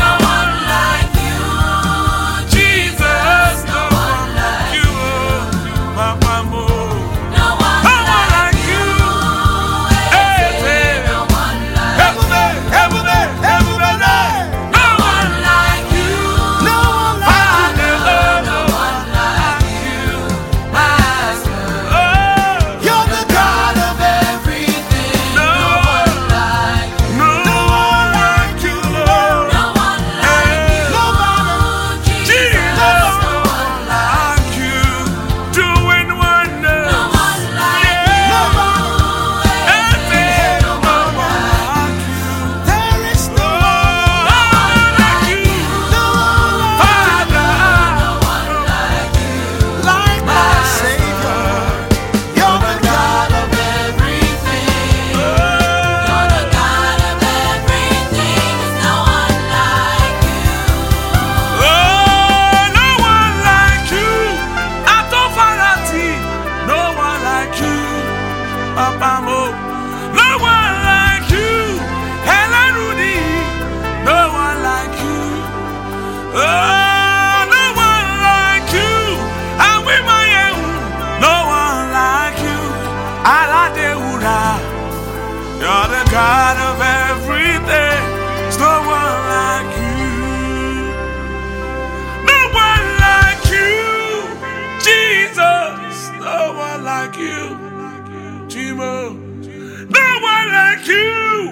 you.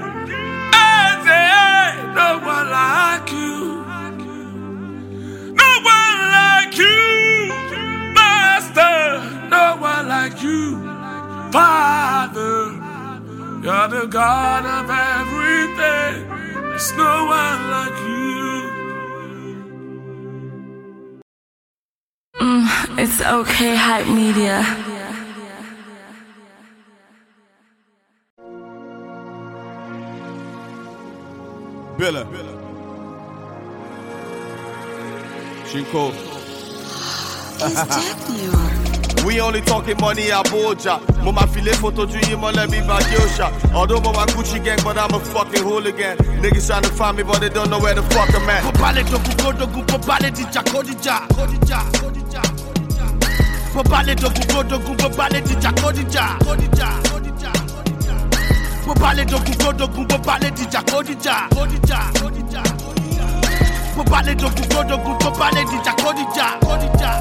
no one like you. No one like you. Master, no one like you. Father, you're the God of everything. There's no one like you. Mm, it's okay, hype media. Billa. Shinko. We only talking money aboja. Mama filet photo to him let me by Yosha. Although my Gucci gang, but I'm a fucking hooligan. Niggas trying to find me, but they don't know where the fuck I'm at. Babale to Gugodo Gubabale Dija Kodija. Kodija. Kodija. Babale to Gugodo Gubabale Dija Kodija. Kodija. bó bá lè dogun kó dogun bó bá lè dìjà kó dìjà kó dìjà kó dìjà bó bá lè dogun kó dogun bó bá lè dìjà kó dìjà kó dìjà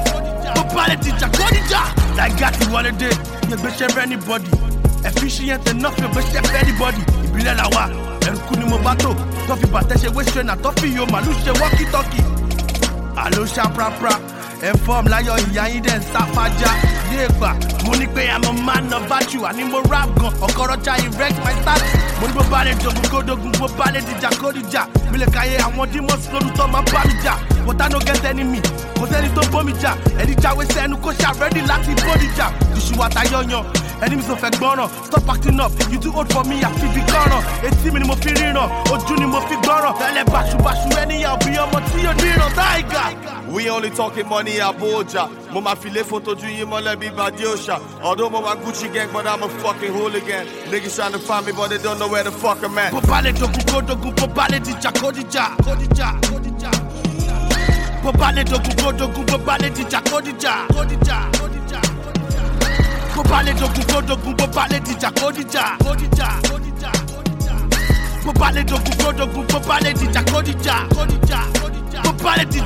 bó bá lè dìjà kó dìjà. láìga ti wọlé dé yẹ gbéṣẹ́ fẹ́ anybody efficient enough yẹ gbéṣẹ́ fẹ́ anybody ìbílẹ̀ làwa ẹ̀rùkú ni mo bá tó tó fi bàtẹ́ ṣe wé ṣe nà tó fi yo màlúù ṣe wọ́kítọ́kì àlọ́ ṣá prapra ẹ ń fọ́ọ̀mù láyọ̀ ìyá yín dẹ̀ ń sápájá ní ìgbà mo ní pé i'm a man of virtue àní mo rap gan ọ̀kọ̀rọ̀jà erect my statue mo ní bó bá lè dogun kó dogun bó bá lè dìjà kó dìjà mi lè káyé àwọn demons lórúkọ máa bá mi jà water no get enemy kò sẹ́ni tó bómi jà ẹni jáwé sẹ́nu kó ṣàrẹ́dì láti bódìjà ìṣùwàtà yọ̀yàn enemies no fẹ́ gbọ́ràn stop acting up you too old for me àfi bí gbọ́ràn etí mi ni mo fi ríran ojú ni mo fi gbọ́ràn tẹ́lẹ̀ báṣubàṣu ọmọ tí yóò díran we only talking money abuja mo ma fi lé fotojú yín mọ́lẹ̀ bí bàdí òòṣà ọ̀dọ́ mo ma gucci gang but i'm a fucking hooligan niggas trying to find me but they don't know where the fuck i'm at. dogun dìjà dogun dìjà bó bá lè dogun kó dogun bó bá lè dìjà kó dìjà kó dìjà kó dìjà bó bá lè dogun kó dogun bó bá lè dìjà kó dìjà kó dìjà kó dìjà. Papa, the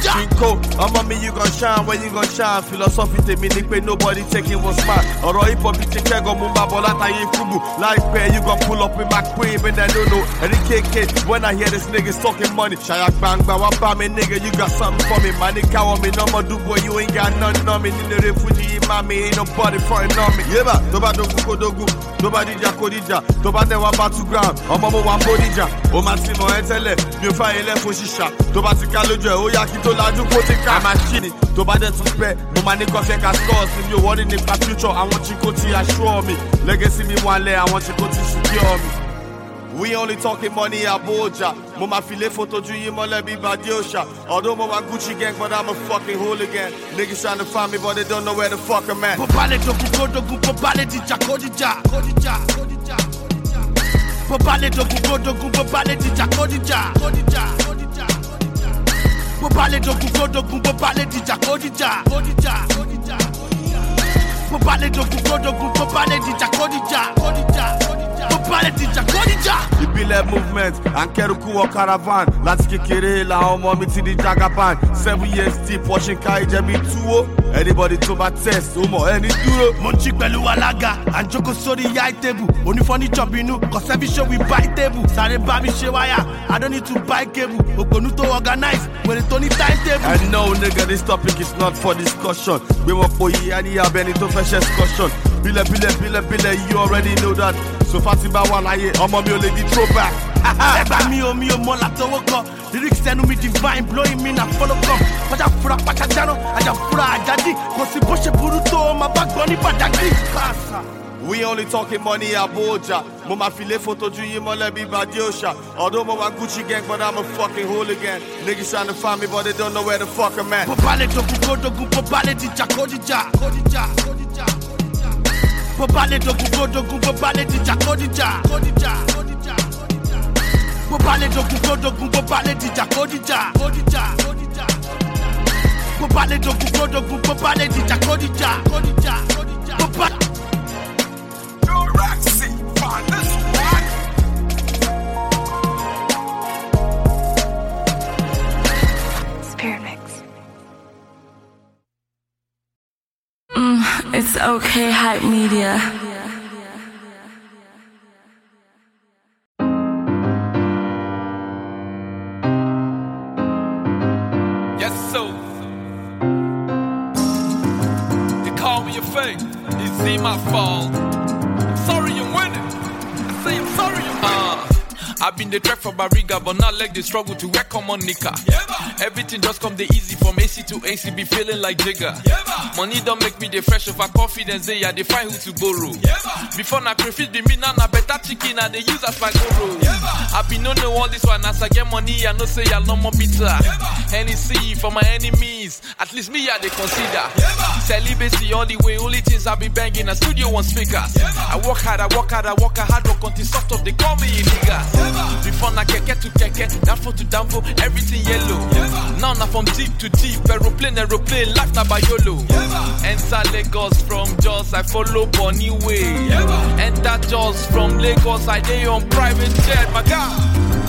Chico, I'm me, you gon' shine, when you gon' shine. Philosophy, they mean, they nobody taking what's mine. Or hip hop, it's a check on Mumba, but that I ain't fubu. you gon' pull up in my crib, and I don't know. And the KK, when I hear this niggas talking money, Shayak bang, bang, wap, bang, me, nigga, you got something for me. Man, nigga, want me, no more do, boy, you ain't got nothing on me. In the refugee, mommy, ain't nobody frontin' on me. Yeah, but, Toba Dogu, Kodogu, Toba to Kodija, Toba Dewa, Battleground, Omomo, Wambodija, Oma Timo, Etele, Mufa, Elefo, Shisha, Toba ti ká lójú ẹ̀ ó yá kí tó lajú kó ti ká. àmàṣìnì tó bá dẹ̀ tún pẹ́ mo máa ní kọfẹ́ ká scores mi ò ní nípa future àwọn chiko ti assure mi legacy mi wà lẹ̀ àwọn chiko ti secure mi. We only talking money Abuja. Mo ma file fotoju yi mole bi badiosha. Although mo wa Gucci gang, but I'm a fucking hooligan. Niggas trying to find me, but they don't know where the fuck I'm at. Bobale dogu godogu, bobale dija kodija, kodija, kodija, kodija. Bobale dogu godogu, bobale dija kodija, kodija mo bá lè dogun kó dogun mo bá lè dìjà kó dìjà kó dìjà dìjà mo bá lè dogun kó dogun mo bá lè dìjà kó dìjà kó dìjà. Bupalitija, Kodija. Ìbílẹ̀ movement, à ń kẹ́rù kú wọ caravan. Láti kékeré làwọn ọmọ mi ti di jagaban. Seven years deep, washing ká ìjẹ́ mi túwó. Anybody tó bá test, ó mọ̀ ẹni dúró. Mo ń jí pẹ̀lú alága, à ń jókòó sórí yáì tébù. Onífọ́níjọ́ bínú, kọ̀sẹ́bí ṣó wí báì tébù. Sáré bá mi ṣe wáyà, I don't need to buy cable. Ògbónú tó organize, wèrè tó ní time table. I know nigga this topic is not for discussion. Gbé wọn po yìí, a ní abẹni tó fẹ́ ṣe discussion. Bile, bile, bile, bile, you already know that. So Fatima wà láyé, ọmọ mi ò lè di throwback. Ẹ gbà mí o, mi ò mọ látọwọ́ kan. Lyrics ẹnu mi divine, blowing me na follow come. Pàjá fura pàjá jáná, àjà fura àjájí. Kò sí bó ṣe burú tó, máa bá gbọ́ ní pàjákì. Kàṣà. We only talking money Abuja. Mo ma file photo ju yin mole bi Badiosha. Although mo wa Gucci gang, but I'm a fucking hooligan. Niggas trying to find me, but they don't know where the fuck I'm at. Popale dogun go dogun, popale dija kodija. Kodija, dogu Bobale dogun godogun bobale dìjà kódìjà. Bobale dogun godogun bobale dìjà kódìjà. Bobale dogun godogun bobale dìjà kódìjà. Bobale. It's okay, hype media. Yes, so you call me a fake. You see my fault. I've been the track for Barriga, but not like the struggle to work on Monica. Yeah, Everything just come the easy from AC to AC, be feeling like Jigger. Yeah, Money don't make me the fresh of a confidence, they are the find who to borrow. Yeah, Before na crayfish be me, now na better chicken, and they use as my guru. I been on the all this one, as I get money, I know say I no more bitter. NEC for my enemies, at least me, I they consider. Celibacy all the way, only things I be banging, a studio on speakers. I work hard, I work hard, I work hard, rock until soft up, they call me a nigga. The fun na keke to keke, downfall to downfall, everything yellow. Now na from deep to deep, aeroplane, aeroplane, life na by Enter Lagos from Jos, I follow Bonny way. Enter Jos from Lagos, I dey on private jet, my God.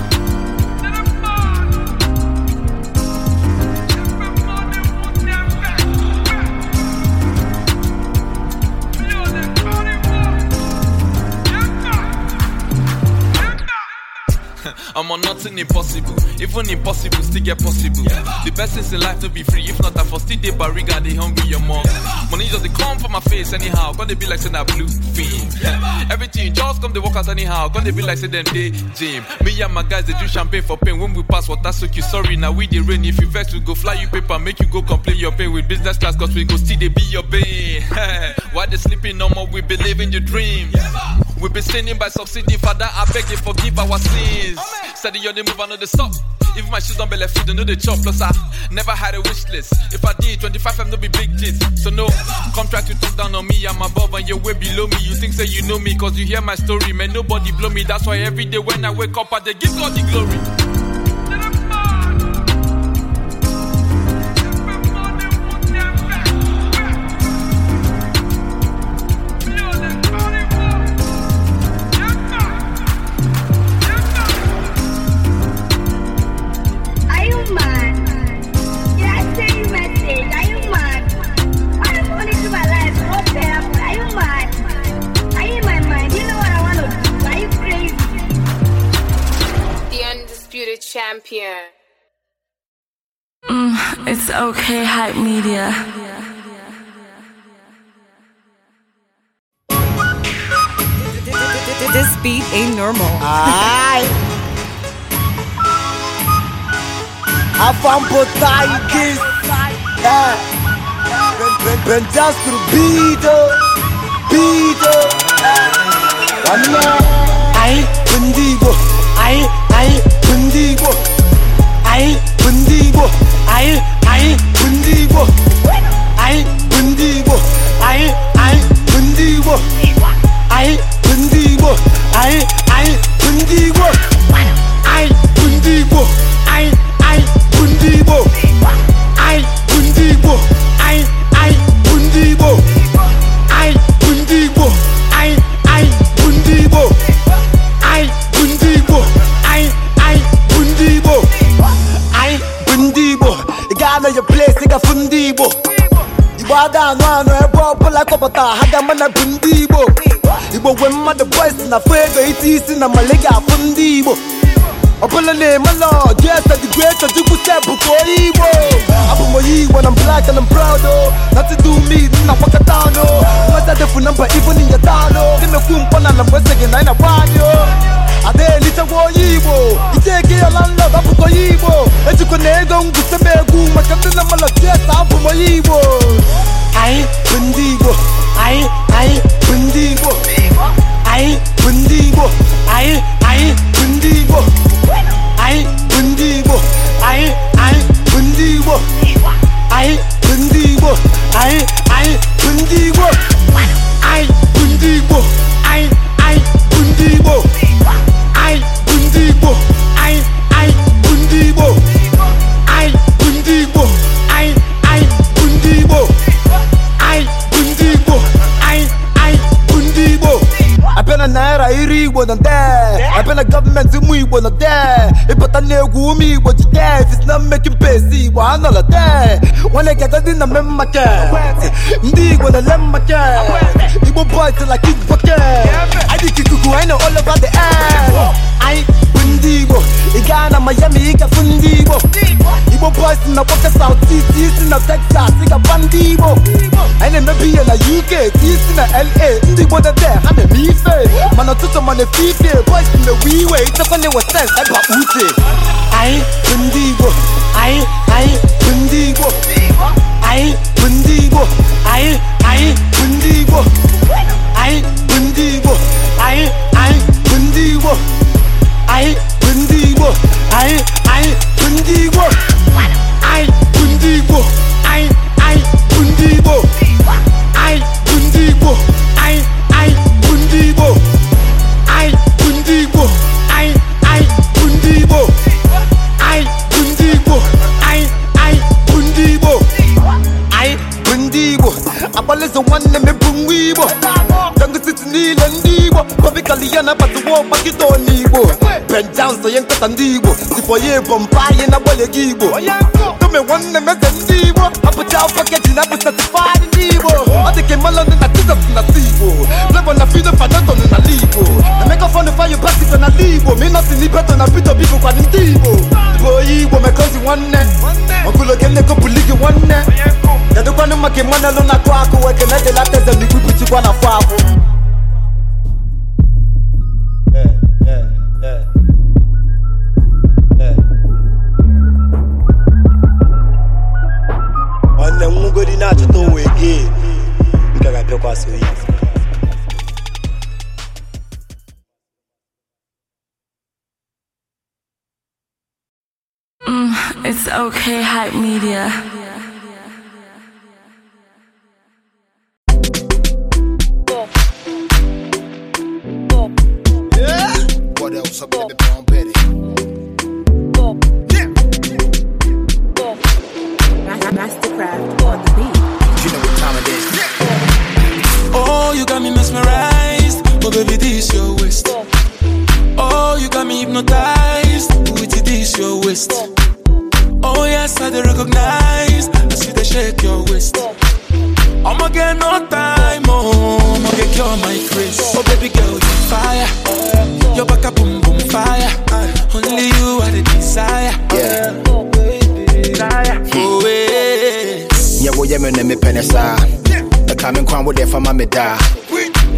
I'm on nothing impossible. Even impossible still get possible. Yeah, the best things in life to be free. If not, I for still they barriga, they hungry your mom. Yeah, Money just they come for my face anyhow. Gonna be like saying that blue fiend. Yeah, Everything just come to walk out anyhow. Gonna be like say them day gym. Me and my guys they do champagne for pain. When we pass water, so you sorry. Now we the rain. If you vex, we go fly you paper, make you go complain your pain with business class, cause we go see they be your pain. Why they sleeping no more? We believe in your dream. We be sinning by subsidy, Father. I beg you forgive our sins. Amen. Said the only move, I know the stop. If my shoes don't belly feed, I know the chop. Plus, I never had a wish list. If I did, 25 M no be big tits. So, no, come try to talk down on me. I'm above and you're way below me. You think, say, you know me, cause you hear my story. Man, nobody blow me. That's why every day when I wake up, I they give God the glory. Media. Mm, it's okay, Hype Media. This beat ain't normal. I just to Ay! Avampotaidis! É! Prendas turbido! Bido! Ai! Ai! Pundigo! I Ai! Pundigo! 아이 분디고 아이 아이 분디고 아이 분디고 아이 아이 분디고 아이 분디고 아이 아이 분디고 아이 분디고 아이 아이 분디고 아이 분디고 아이 아이 분디고 your place, nigga, fundibo. Ibada no ano e bro pula kopata haga mana bundibo. Ibo when my boys na fuego it is na malega fundibo. Upon the name of Lord, yes, that the great that you could step before evil. i put my when I'm black and I'm proud, oh. Not to do me, then I walk a town, oh. What's that different number, even in your town, oh. Then the film pan I'm again, I'm a Oh, I dare little war evil. You take it along, love, I'm for evil. And you can ego, I'm just a man, I'm a yes, I'm for my evil. I, Bendigo. me what you dare if it's not making pay. See why not a day? When I get that in the member care. Indeed, when I let my care. You will bite till I kick back. I think you could go, I know all about the air. I, Bendigo igana miami igafuna indibo Ibo boys in the sinaboka south east the texas igapa ndibo ayinemebie na uk isi na la ndị igbo dede ha na-eme ife mana ụtụtụ mana efife boys na-ewe iwe itekwana ewe sens ịba uche anyị bụ ndị igbo anyị anyị bụ ndị igbo anyị bụ ndị igbo anyị anyị bụ ndị igbo anyị bụ ndị igbo anyị anyị bụ ndị igbo anyị bụ ndị 분디고 아이 아이 분디고 아이 분디고 아이 아이 분디고 아이 분디고 아이 아이 분디고 아이 분디고 아이 아이 분디고 아이 분디고 아이 아이 분디고 아이 분디고 아빨레서 왔네 매 분위고 당근 쓰지 니랜디 kọbikali ya nabatawa ọgbakịta ọna igbo penjans onye nkata ndị igbo tipoye ebo mpa anyị na-agbalị gị igbo tome meze ndị apụcha afọkeji na abụsatifaadị ndị igbo ọ dị ka melon na tizos na na fido fanato n'ala igbo emeka fọnụ fayo basito n'ala igbo ma ịnọsi n'ibeto na pito bibụkwa ndị igbo bụ onye mekozi nwanne ọgụloge nnekọ buli gị nwanne kedụkwanụ maka mmanụ na-akụ akụ teze na ikwupụchikwa na fọ Mm, it's okay, hype media. Yeah. What else? twist. Oh yes, I do recognize. I see they shake your waist. I'ma get no time, oh, I'ma get cure my craze. Oh baby girl, you fire. Your back a boom boom fire. Only you are the desire. Yeah. Oh, Oh, yeah. Yeah, well, yeah, me, me, penisa. The coming crown will there for my da.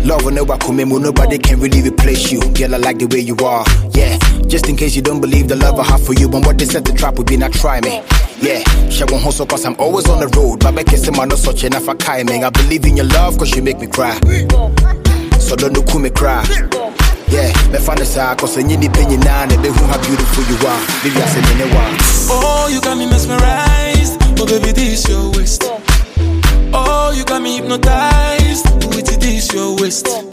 Love will never come in, nobody can really replace you. Girl, I like the way you are. Yeah, just in case you don't believe the love I have for you and what they said the trap would be not try me. Yeah, she won't hustle cause I'm always on the road. But my kissing man not such enough for climbing, I believe in your love cause you make me cry. So don't look who me cry. Yeah, me find a side cause I need the pain in nine. Baby, how beautiful you are. Baby, I say, me Oh, you got me mesmerized. Oh, baby, this your waist. Oh, you got me hypnotized. With this your waist.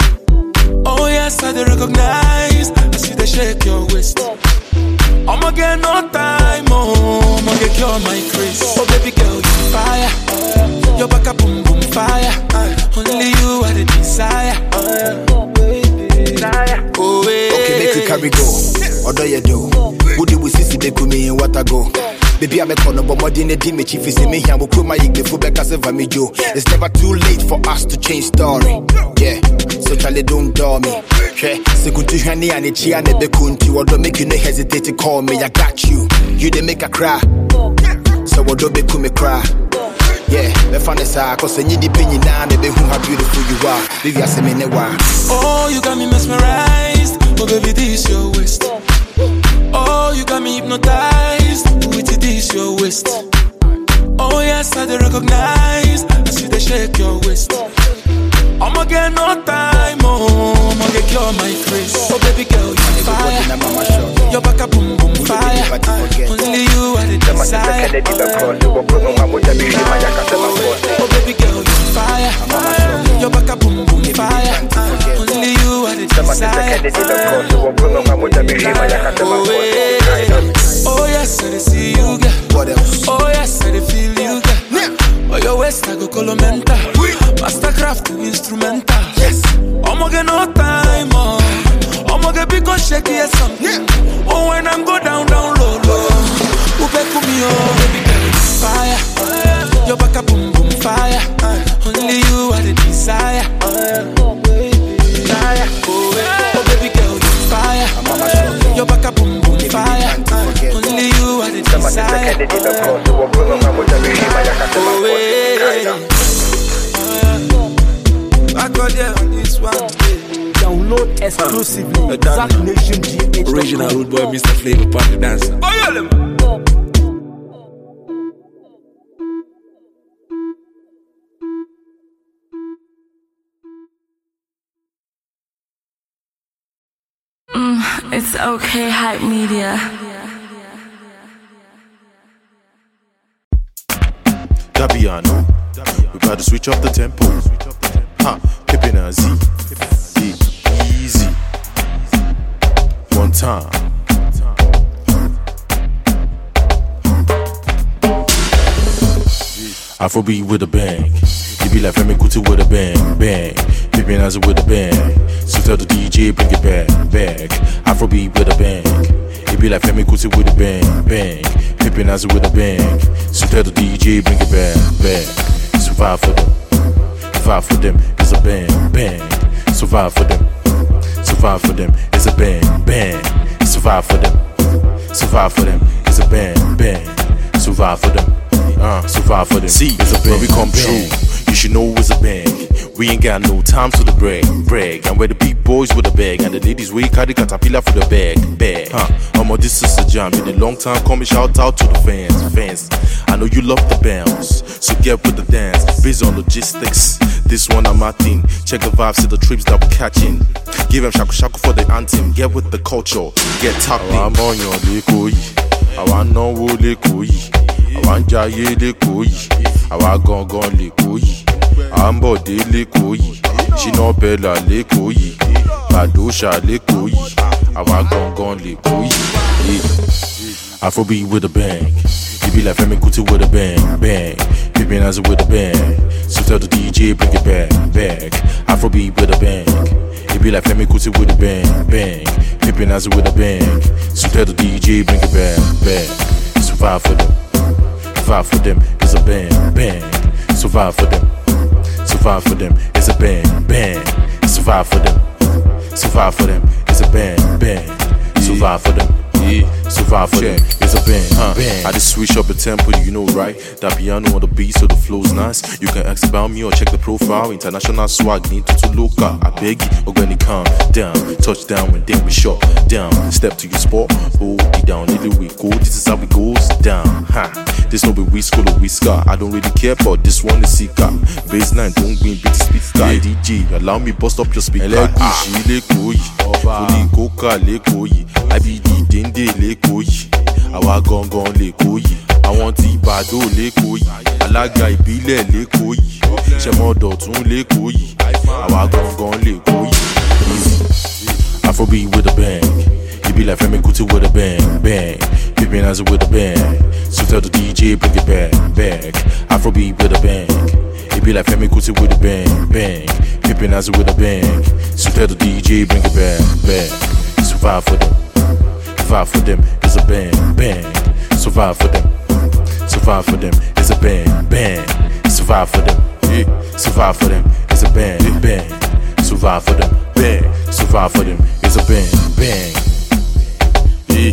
Oh yes, I do recognize. I see they shake your waist. I'ma get no time, oh, I'ma get cure my grace. Oh baby girl, you fire. Your back a boom boom fire. Only you are the desire. Oh, yeah. Okay, make you carry go. Order you do. Woody we see see they come in I go. Baby, I'm a corner, but more than a dim, chief is in me. I'm a my ink, the back as a vamijo. It's never too late for us to change story. Yeah, so Charlie, don't door me. Yeah, so good to hear me and it's here, never could you. don't make you no hesitate to call me. I got you. You didn't make a cry. So I don't make me cry. Yeah, me find this out, cause I need the pain now, baby, who how beautiful you are. Baby, I say me, why? Oh, you got me mesmerized. Oh, baby, this your waist. Oh, you got me hypnotized with this your waist. Oh yes, I did recognize. as see they shake your waist. I'ma get no time, oh, I'ma get cure my grace. Oh baby girl, you are fire. Your back up boom boom fire. Only you are the desire. Oh baby girl, you fire. Your back up boom boom fire. Only you are the desire. Oh, oh, yes, I see you girl. What else? Oh yes, I feel you girl. Oh your waist I go colomenta. Mastercraft instrumental. Yes. oh my God no time. more. Oh. I'ma bí kò ṣe kí ẹ sàn. Oh, when I'm. exclusively. Zach Nation GH. Original Boy, Mr. Flavor Party Dancer. Oh, them. Mm, it's okay, hype media. Dabiano, we gotta switch up the tempo. Ha, Keeping and easy, easy one time. Afrobeat with a bang. It be like Femi Kuti with a bang, bang. Pippin Azzy with a bang. So tell the DJ, bring it back, back. Afrobeat with a bang. It be like Femi Kuti with a bang, bang. Pippin Azzy with a bang. So tell the DJ, bring it back, back. Survive for them. Survive for them. It's a bang, bang. Survive for them. Survive for them is a bang, bang. Survive for them. Survive for them is a bang, bang. Survive for them uh, survive for them. See, it's a bang. When we come true, you should know it's a bang. We ain't got no time to the brag, brag. And we're the big boys with the bag, and the ladies we carry caterpillar for the bag, bag. Huh? Um, this is a jam. Been a long time coming. Shout out to the fans, fans. I know you love the bounce, so get with the dance. Biz on logistics, this one I'm my thing. Check the vibes, see the trips that we're catching. Give them shaku shaku for the anthem. Get with the culture, get tapping. I'm on your lekoyi, I want no lekoyi àwa ń jayé lẹ́kọ̀ọ́ yìí àwa gangan lẹ́kọ̀ọ́ yìí à ń bọ̀dé lẹ́kọ̀ọ́ yìí ṣínà bẹ́là lẹ́kọ̀ọ́ yìí bàdóṣà lẹ́kọ̀ọ́ yìí àwa gangan lẹ́kọ̀ọ́ yìí. Afrobeat with a bang, you be like Femi Kuti with a bang, bang, Baby Nazi with a bang. So tell the DJ bring it back, back. Afrobeat with a bang, you be like Femi Kuti with a bang, bang, Baby Nazi with a bang. So tell the DJ bring it back, back. Survive for them. Survive for them is a bang, bang. Survive for them. Survive for them is a bang, bang. Survive for them. Survive for them is a bang, bang. Survive for them yeah, survive for them. It's a band, huh? I just switch up the tempo, you know, right? That piano on the beat, so the flow's nice. You can ask about me or check the profile. International swag, need to, to local. I beg you, or when you come down, touch down, when they be shot down. Step to your spot, hold it down. Little we go, this is how it goes down, huh? This no be we or we I don't really care, but this one is sick. Baseline, don't win, big speed sky. Yeah. DJ, allow me bust up your speaker. Ẹlẹ́gùn sí lẹ́kọ̀ọ́ yìí, fúnni kókà jáde lẹ́kọ̀ọ́ àwa gangan lẹ́kọ̀ọ́ àwọn ti ìbàdó lẹ́kọ̀ọ́ alága ìbílẹ̀ lẹ́kọ̀ọ́ ṣẹmọdọ̀tún lẹ́kọ̀ọ́ àwa gangan lẹ́kọ̀ọ́ Afrobeat with a bang, it be like Femi Kuti with a bang, bang, Pippin Azzy with a bang, so tell the DJ bring it back, back. Afrobeat with a bang, it be like Femi Kuti with a bang, bang, Pippin Azzy with a bang, so tell the DJ bring it back, back. Survive for them. Survive for them is a bang, bang. Survive for them. Survive for them is a bang, bang. Survive for them. Survive for them is a bang, bang. Survive for them. Bang. Survive for them is a bang, bang.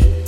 Yeah.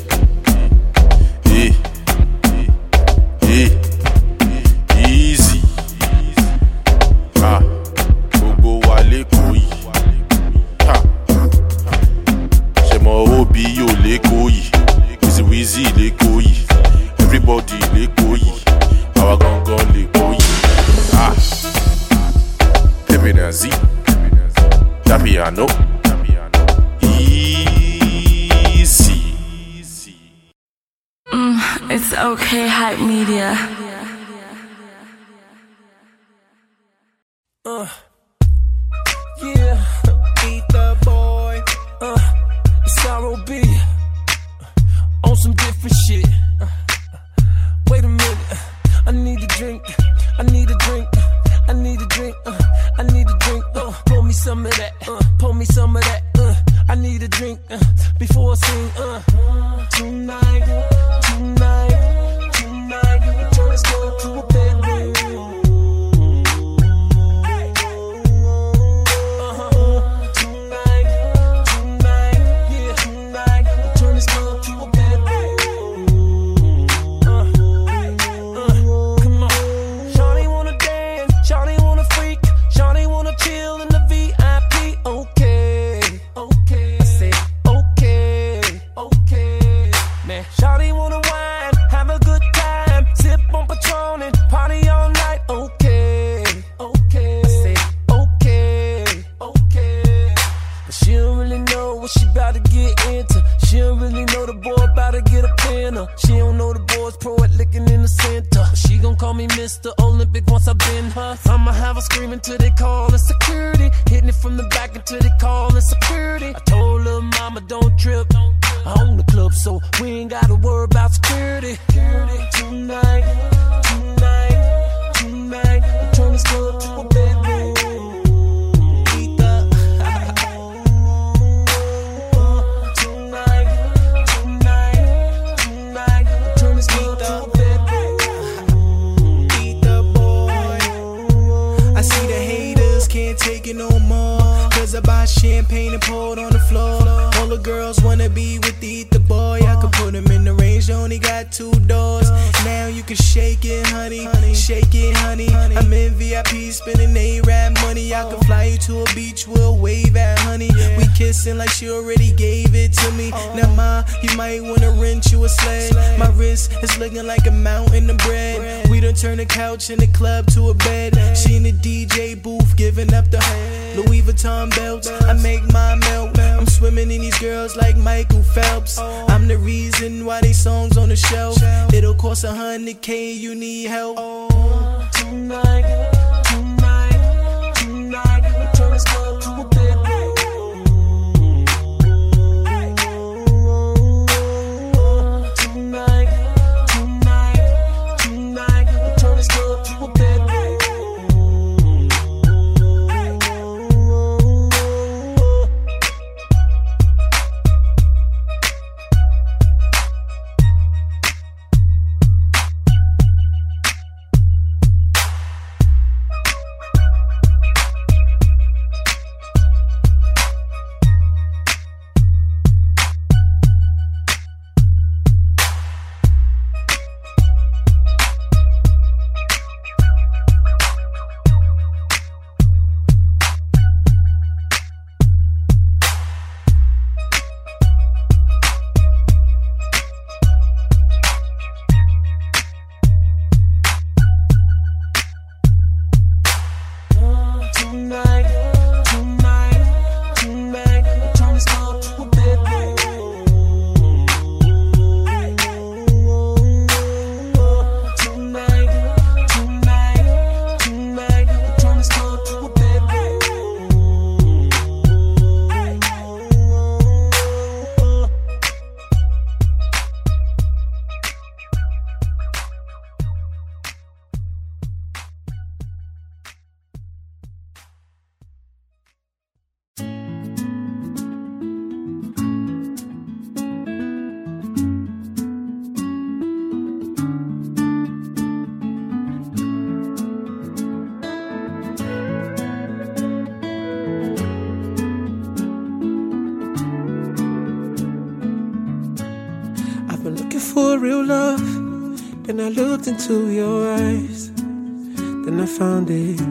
winner. She don't know the boys pro at licking in the center. She gon' call me Mr. Olympic once I have been her. I'ma have her screaming till they call the security. Hitting it from the back until they call the security. I told little mama don't trip. I own the club, so we ain't gotta worry about security. Tonight. Champagne and poured on the floor. All the girls wanna be with the, the boy. I could put him in the range, only got two doors can shake it, honey. honey. Shake it, honey. honey. I'm in VIP, spending A-Rap money. I can fly you to a beach, we'll wave at, honey. We kissing like she already gave it to me. Now, ma, you might wanna rent you a sled. My wrist is looking like a mountain of bread. We done turn the couch in the club to a bed. She in the DJ booth, giving up the Louis Vuitton belts. I make my melt. I'm swimming in these girls like Michael Phelps. I'm the reason why they songs on the shelf. It'll cost a hundred K, you need help. Oh, tonight, tonight, tonight, into your eyes. Then I found it.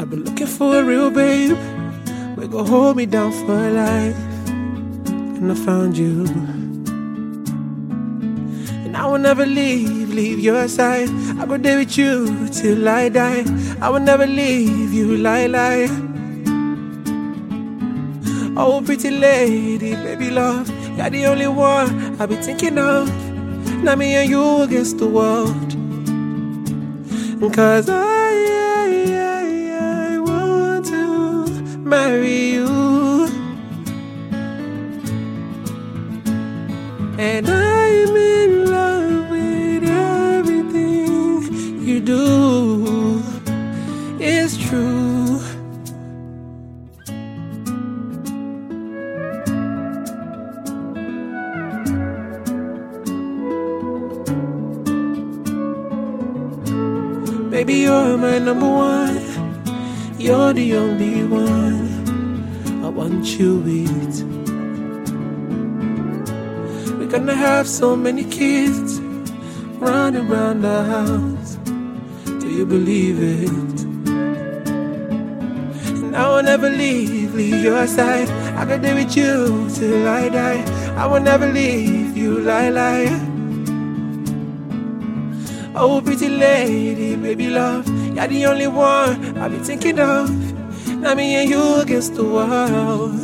I've been looking for a real babe. We gon' hold me down for life. And I found you. And I will never leave, leave your side. I go there with you till I die. I will never leave you, lie, lie. Oh, pretty lady, baby love, you're the only one I've been thinking of. Now me and you against the world. Cause I, I, I, I want to marry you. And I'm in love with everything you do. It's true. Baby, you're my number one. You're the only one I want you with. We're gonna have so many kids running around the house. Do you believe it? I will never leave, leave your side. I can live with you till I die. I will never leave you, lie, lie. Oh, pretty lady, baby love, you're the only one I've been thinking of. Now me and you against the world.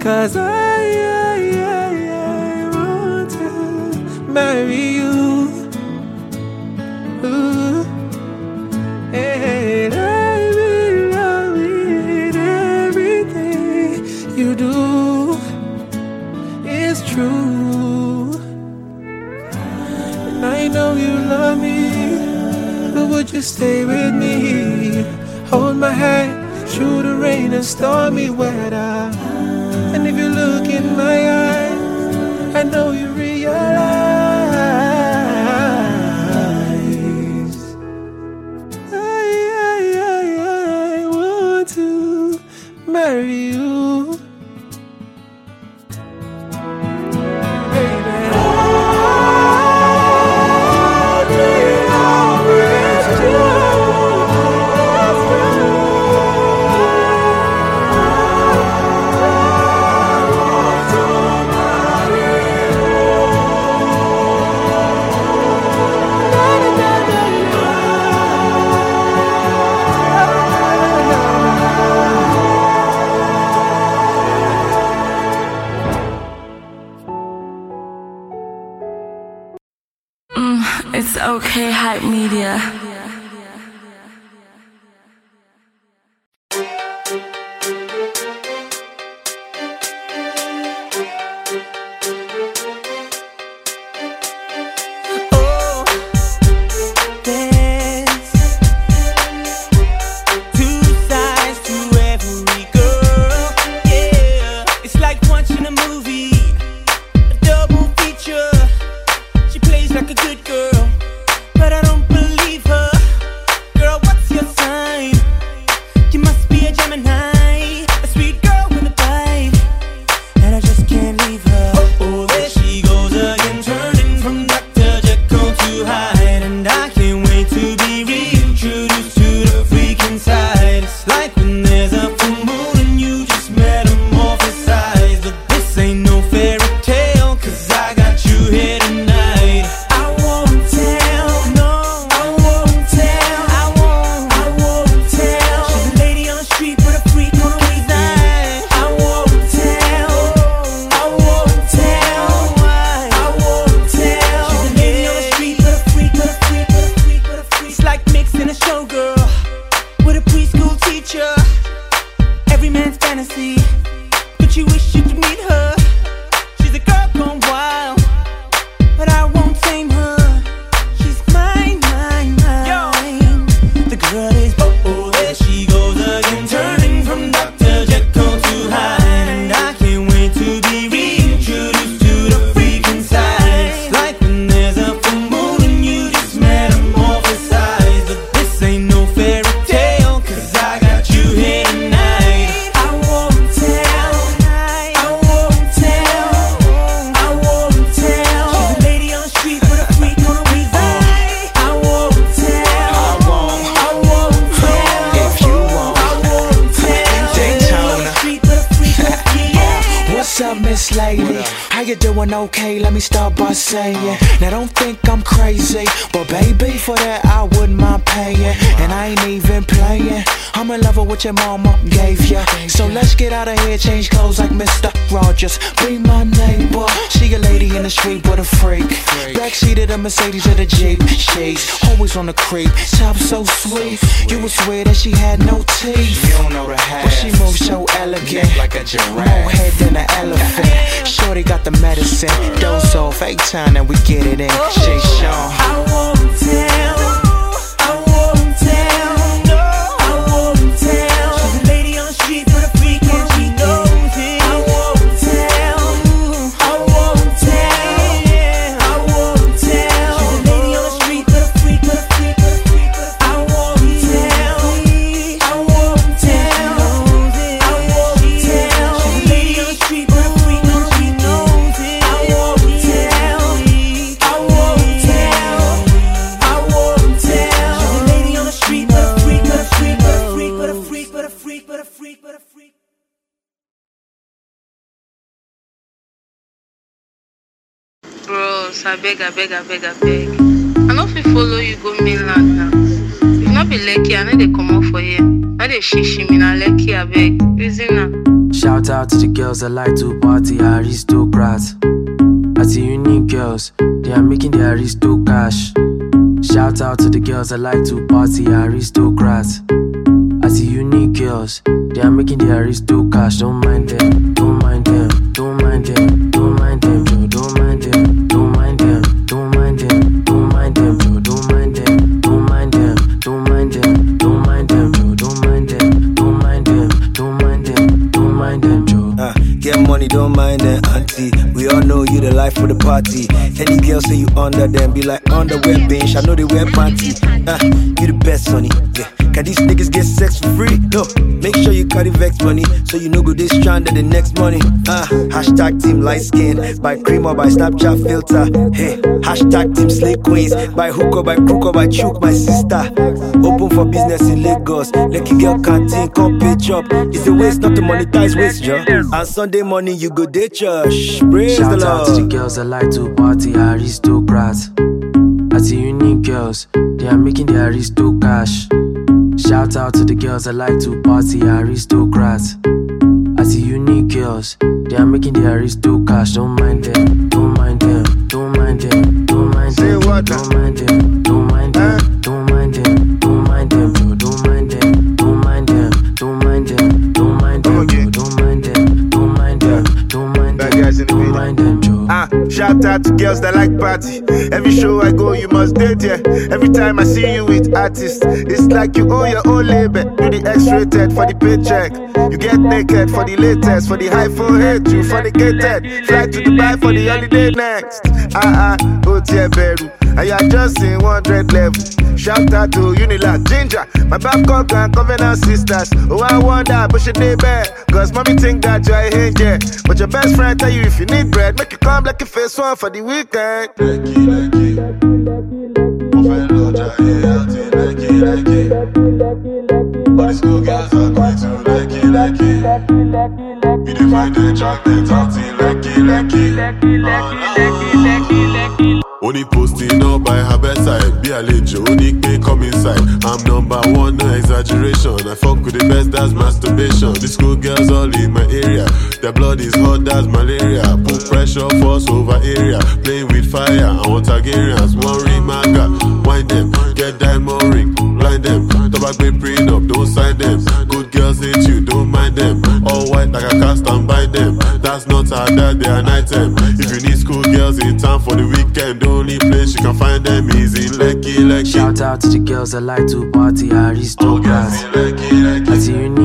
Cause I, I, I, I want to marry you. Ooh. Hey, hey, hey. Just stay with me, hold my hand through the rain and stormy weather. And if you look in my eyes. media. More head than an elephant. Shorty got the medicine. Dose of fake and we get it in. Uh-huh. abeg beg, abeg beg. i know if fit follow you go mainland now. if not be lucky, i know they come comot for here no they shishi me na I beg. reason now. shout out to the girls that like to party aristocrats see unique girls they are making their aristo cash. shout out to the girls that like to party aristocrats see unique girls they are making their aristo cash don't mind them don't mind them don't mind them. money, don't mind the auntie all know you the life of the party. Any girl say you under them, be like underwear bench. I know they wear panty. Ah, uh, you the best, honey. Yeah. Can these niggas get sex for free? No. Make sure you cut it vex money, so you no go this stranded the next money. Ah, uh, hashtag team light skin by cream or by Snapchat filter. Hey, hashtag team slay queens by hook or by crook or by chook, my sister. Open for business in Lagos. Lucky girl canteen, come pitch up. It's a waste not to monetize waste, yeah. And Sunday morning you go day church. Pray. Shout the out to the girls that like to party, aristocrats. I see unique girls, they are making their aristo cash. Shout out to the girls that like to party, aristocrats. I see unique girls, they are making their aristo cash. Don't mind them, don't mind them, don't mind them, don't mind them, don't mind them, don't mind them. Don't tattoo girls that like party. Every show I go, you must date, yeah. Every time I see you with artists, it's like you own your own label. Do the X-rated for the paycheck. You get naked for the latest, for the high for hate, you fornicated. Fly to Dubai for the holiday next. Ah uh ah, -uh, oh dear, I am just in 100 level. Shout out to Unila Ginger, my Babcock and Covenant sisters. Oh, I wonder, but your did Cause mommy think that you're a yeah. But your best friend tell you if you need bread, make you come like a face one for the weekend. Lucky, lucky. Lucky, lucky. All these cool guys are going to lucky, lucky. We define the track, they talk to lucky, lucky. Lucky, lucky, lucky, lucky, lucky. Only posting up by her bedside. Be a legend, only can come inside. I'm number one, no exaggeration. I fuck with the best, that's masturbation. The school girls all in my area. Their blood is hot, that's malaria. Put pressure, force over area. Playing with fire, I want Targaryens. One ring, my God, wind them. Get diamond ring blind them. Tobacco pay print up, don't sign them. Good girls ain't you, don't mind them. All white like a cast and buy by them. That's not how that they are night them. If you need school girls in town for the weekend, the only place you can find them is in Lekki Lekki. Shout out to the girls that like to party, I Togas. All girls unique.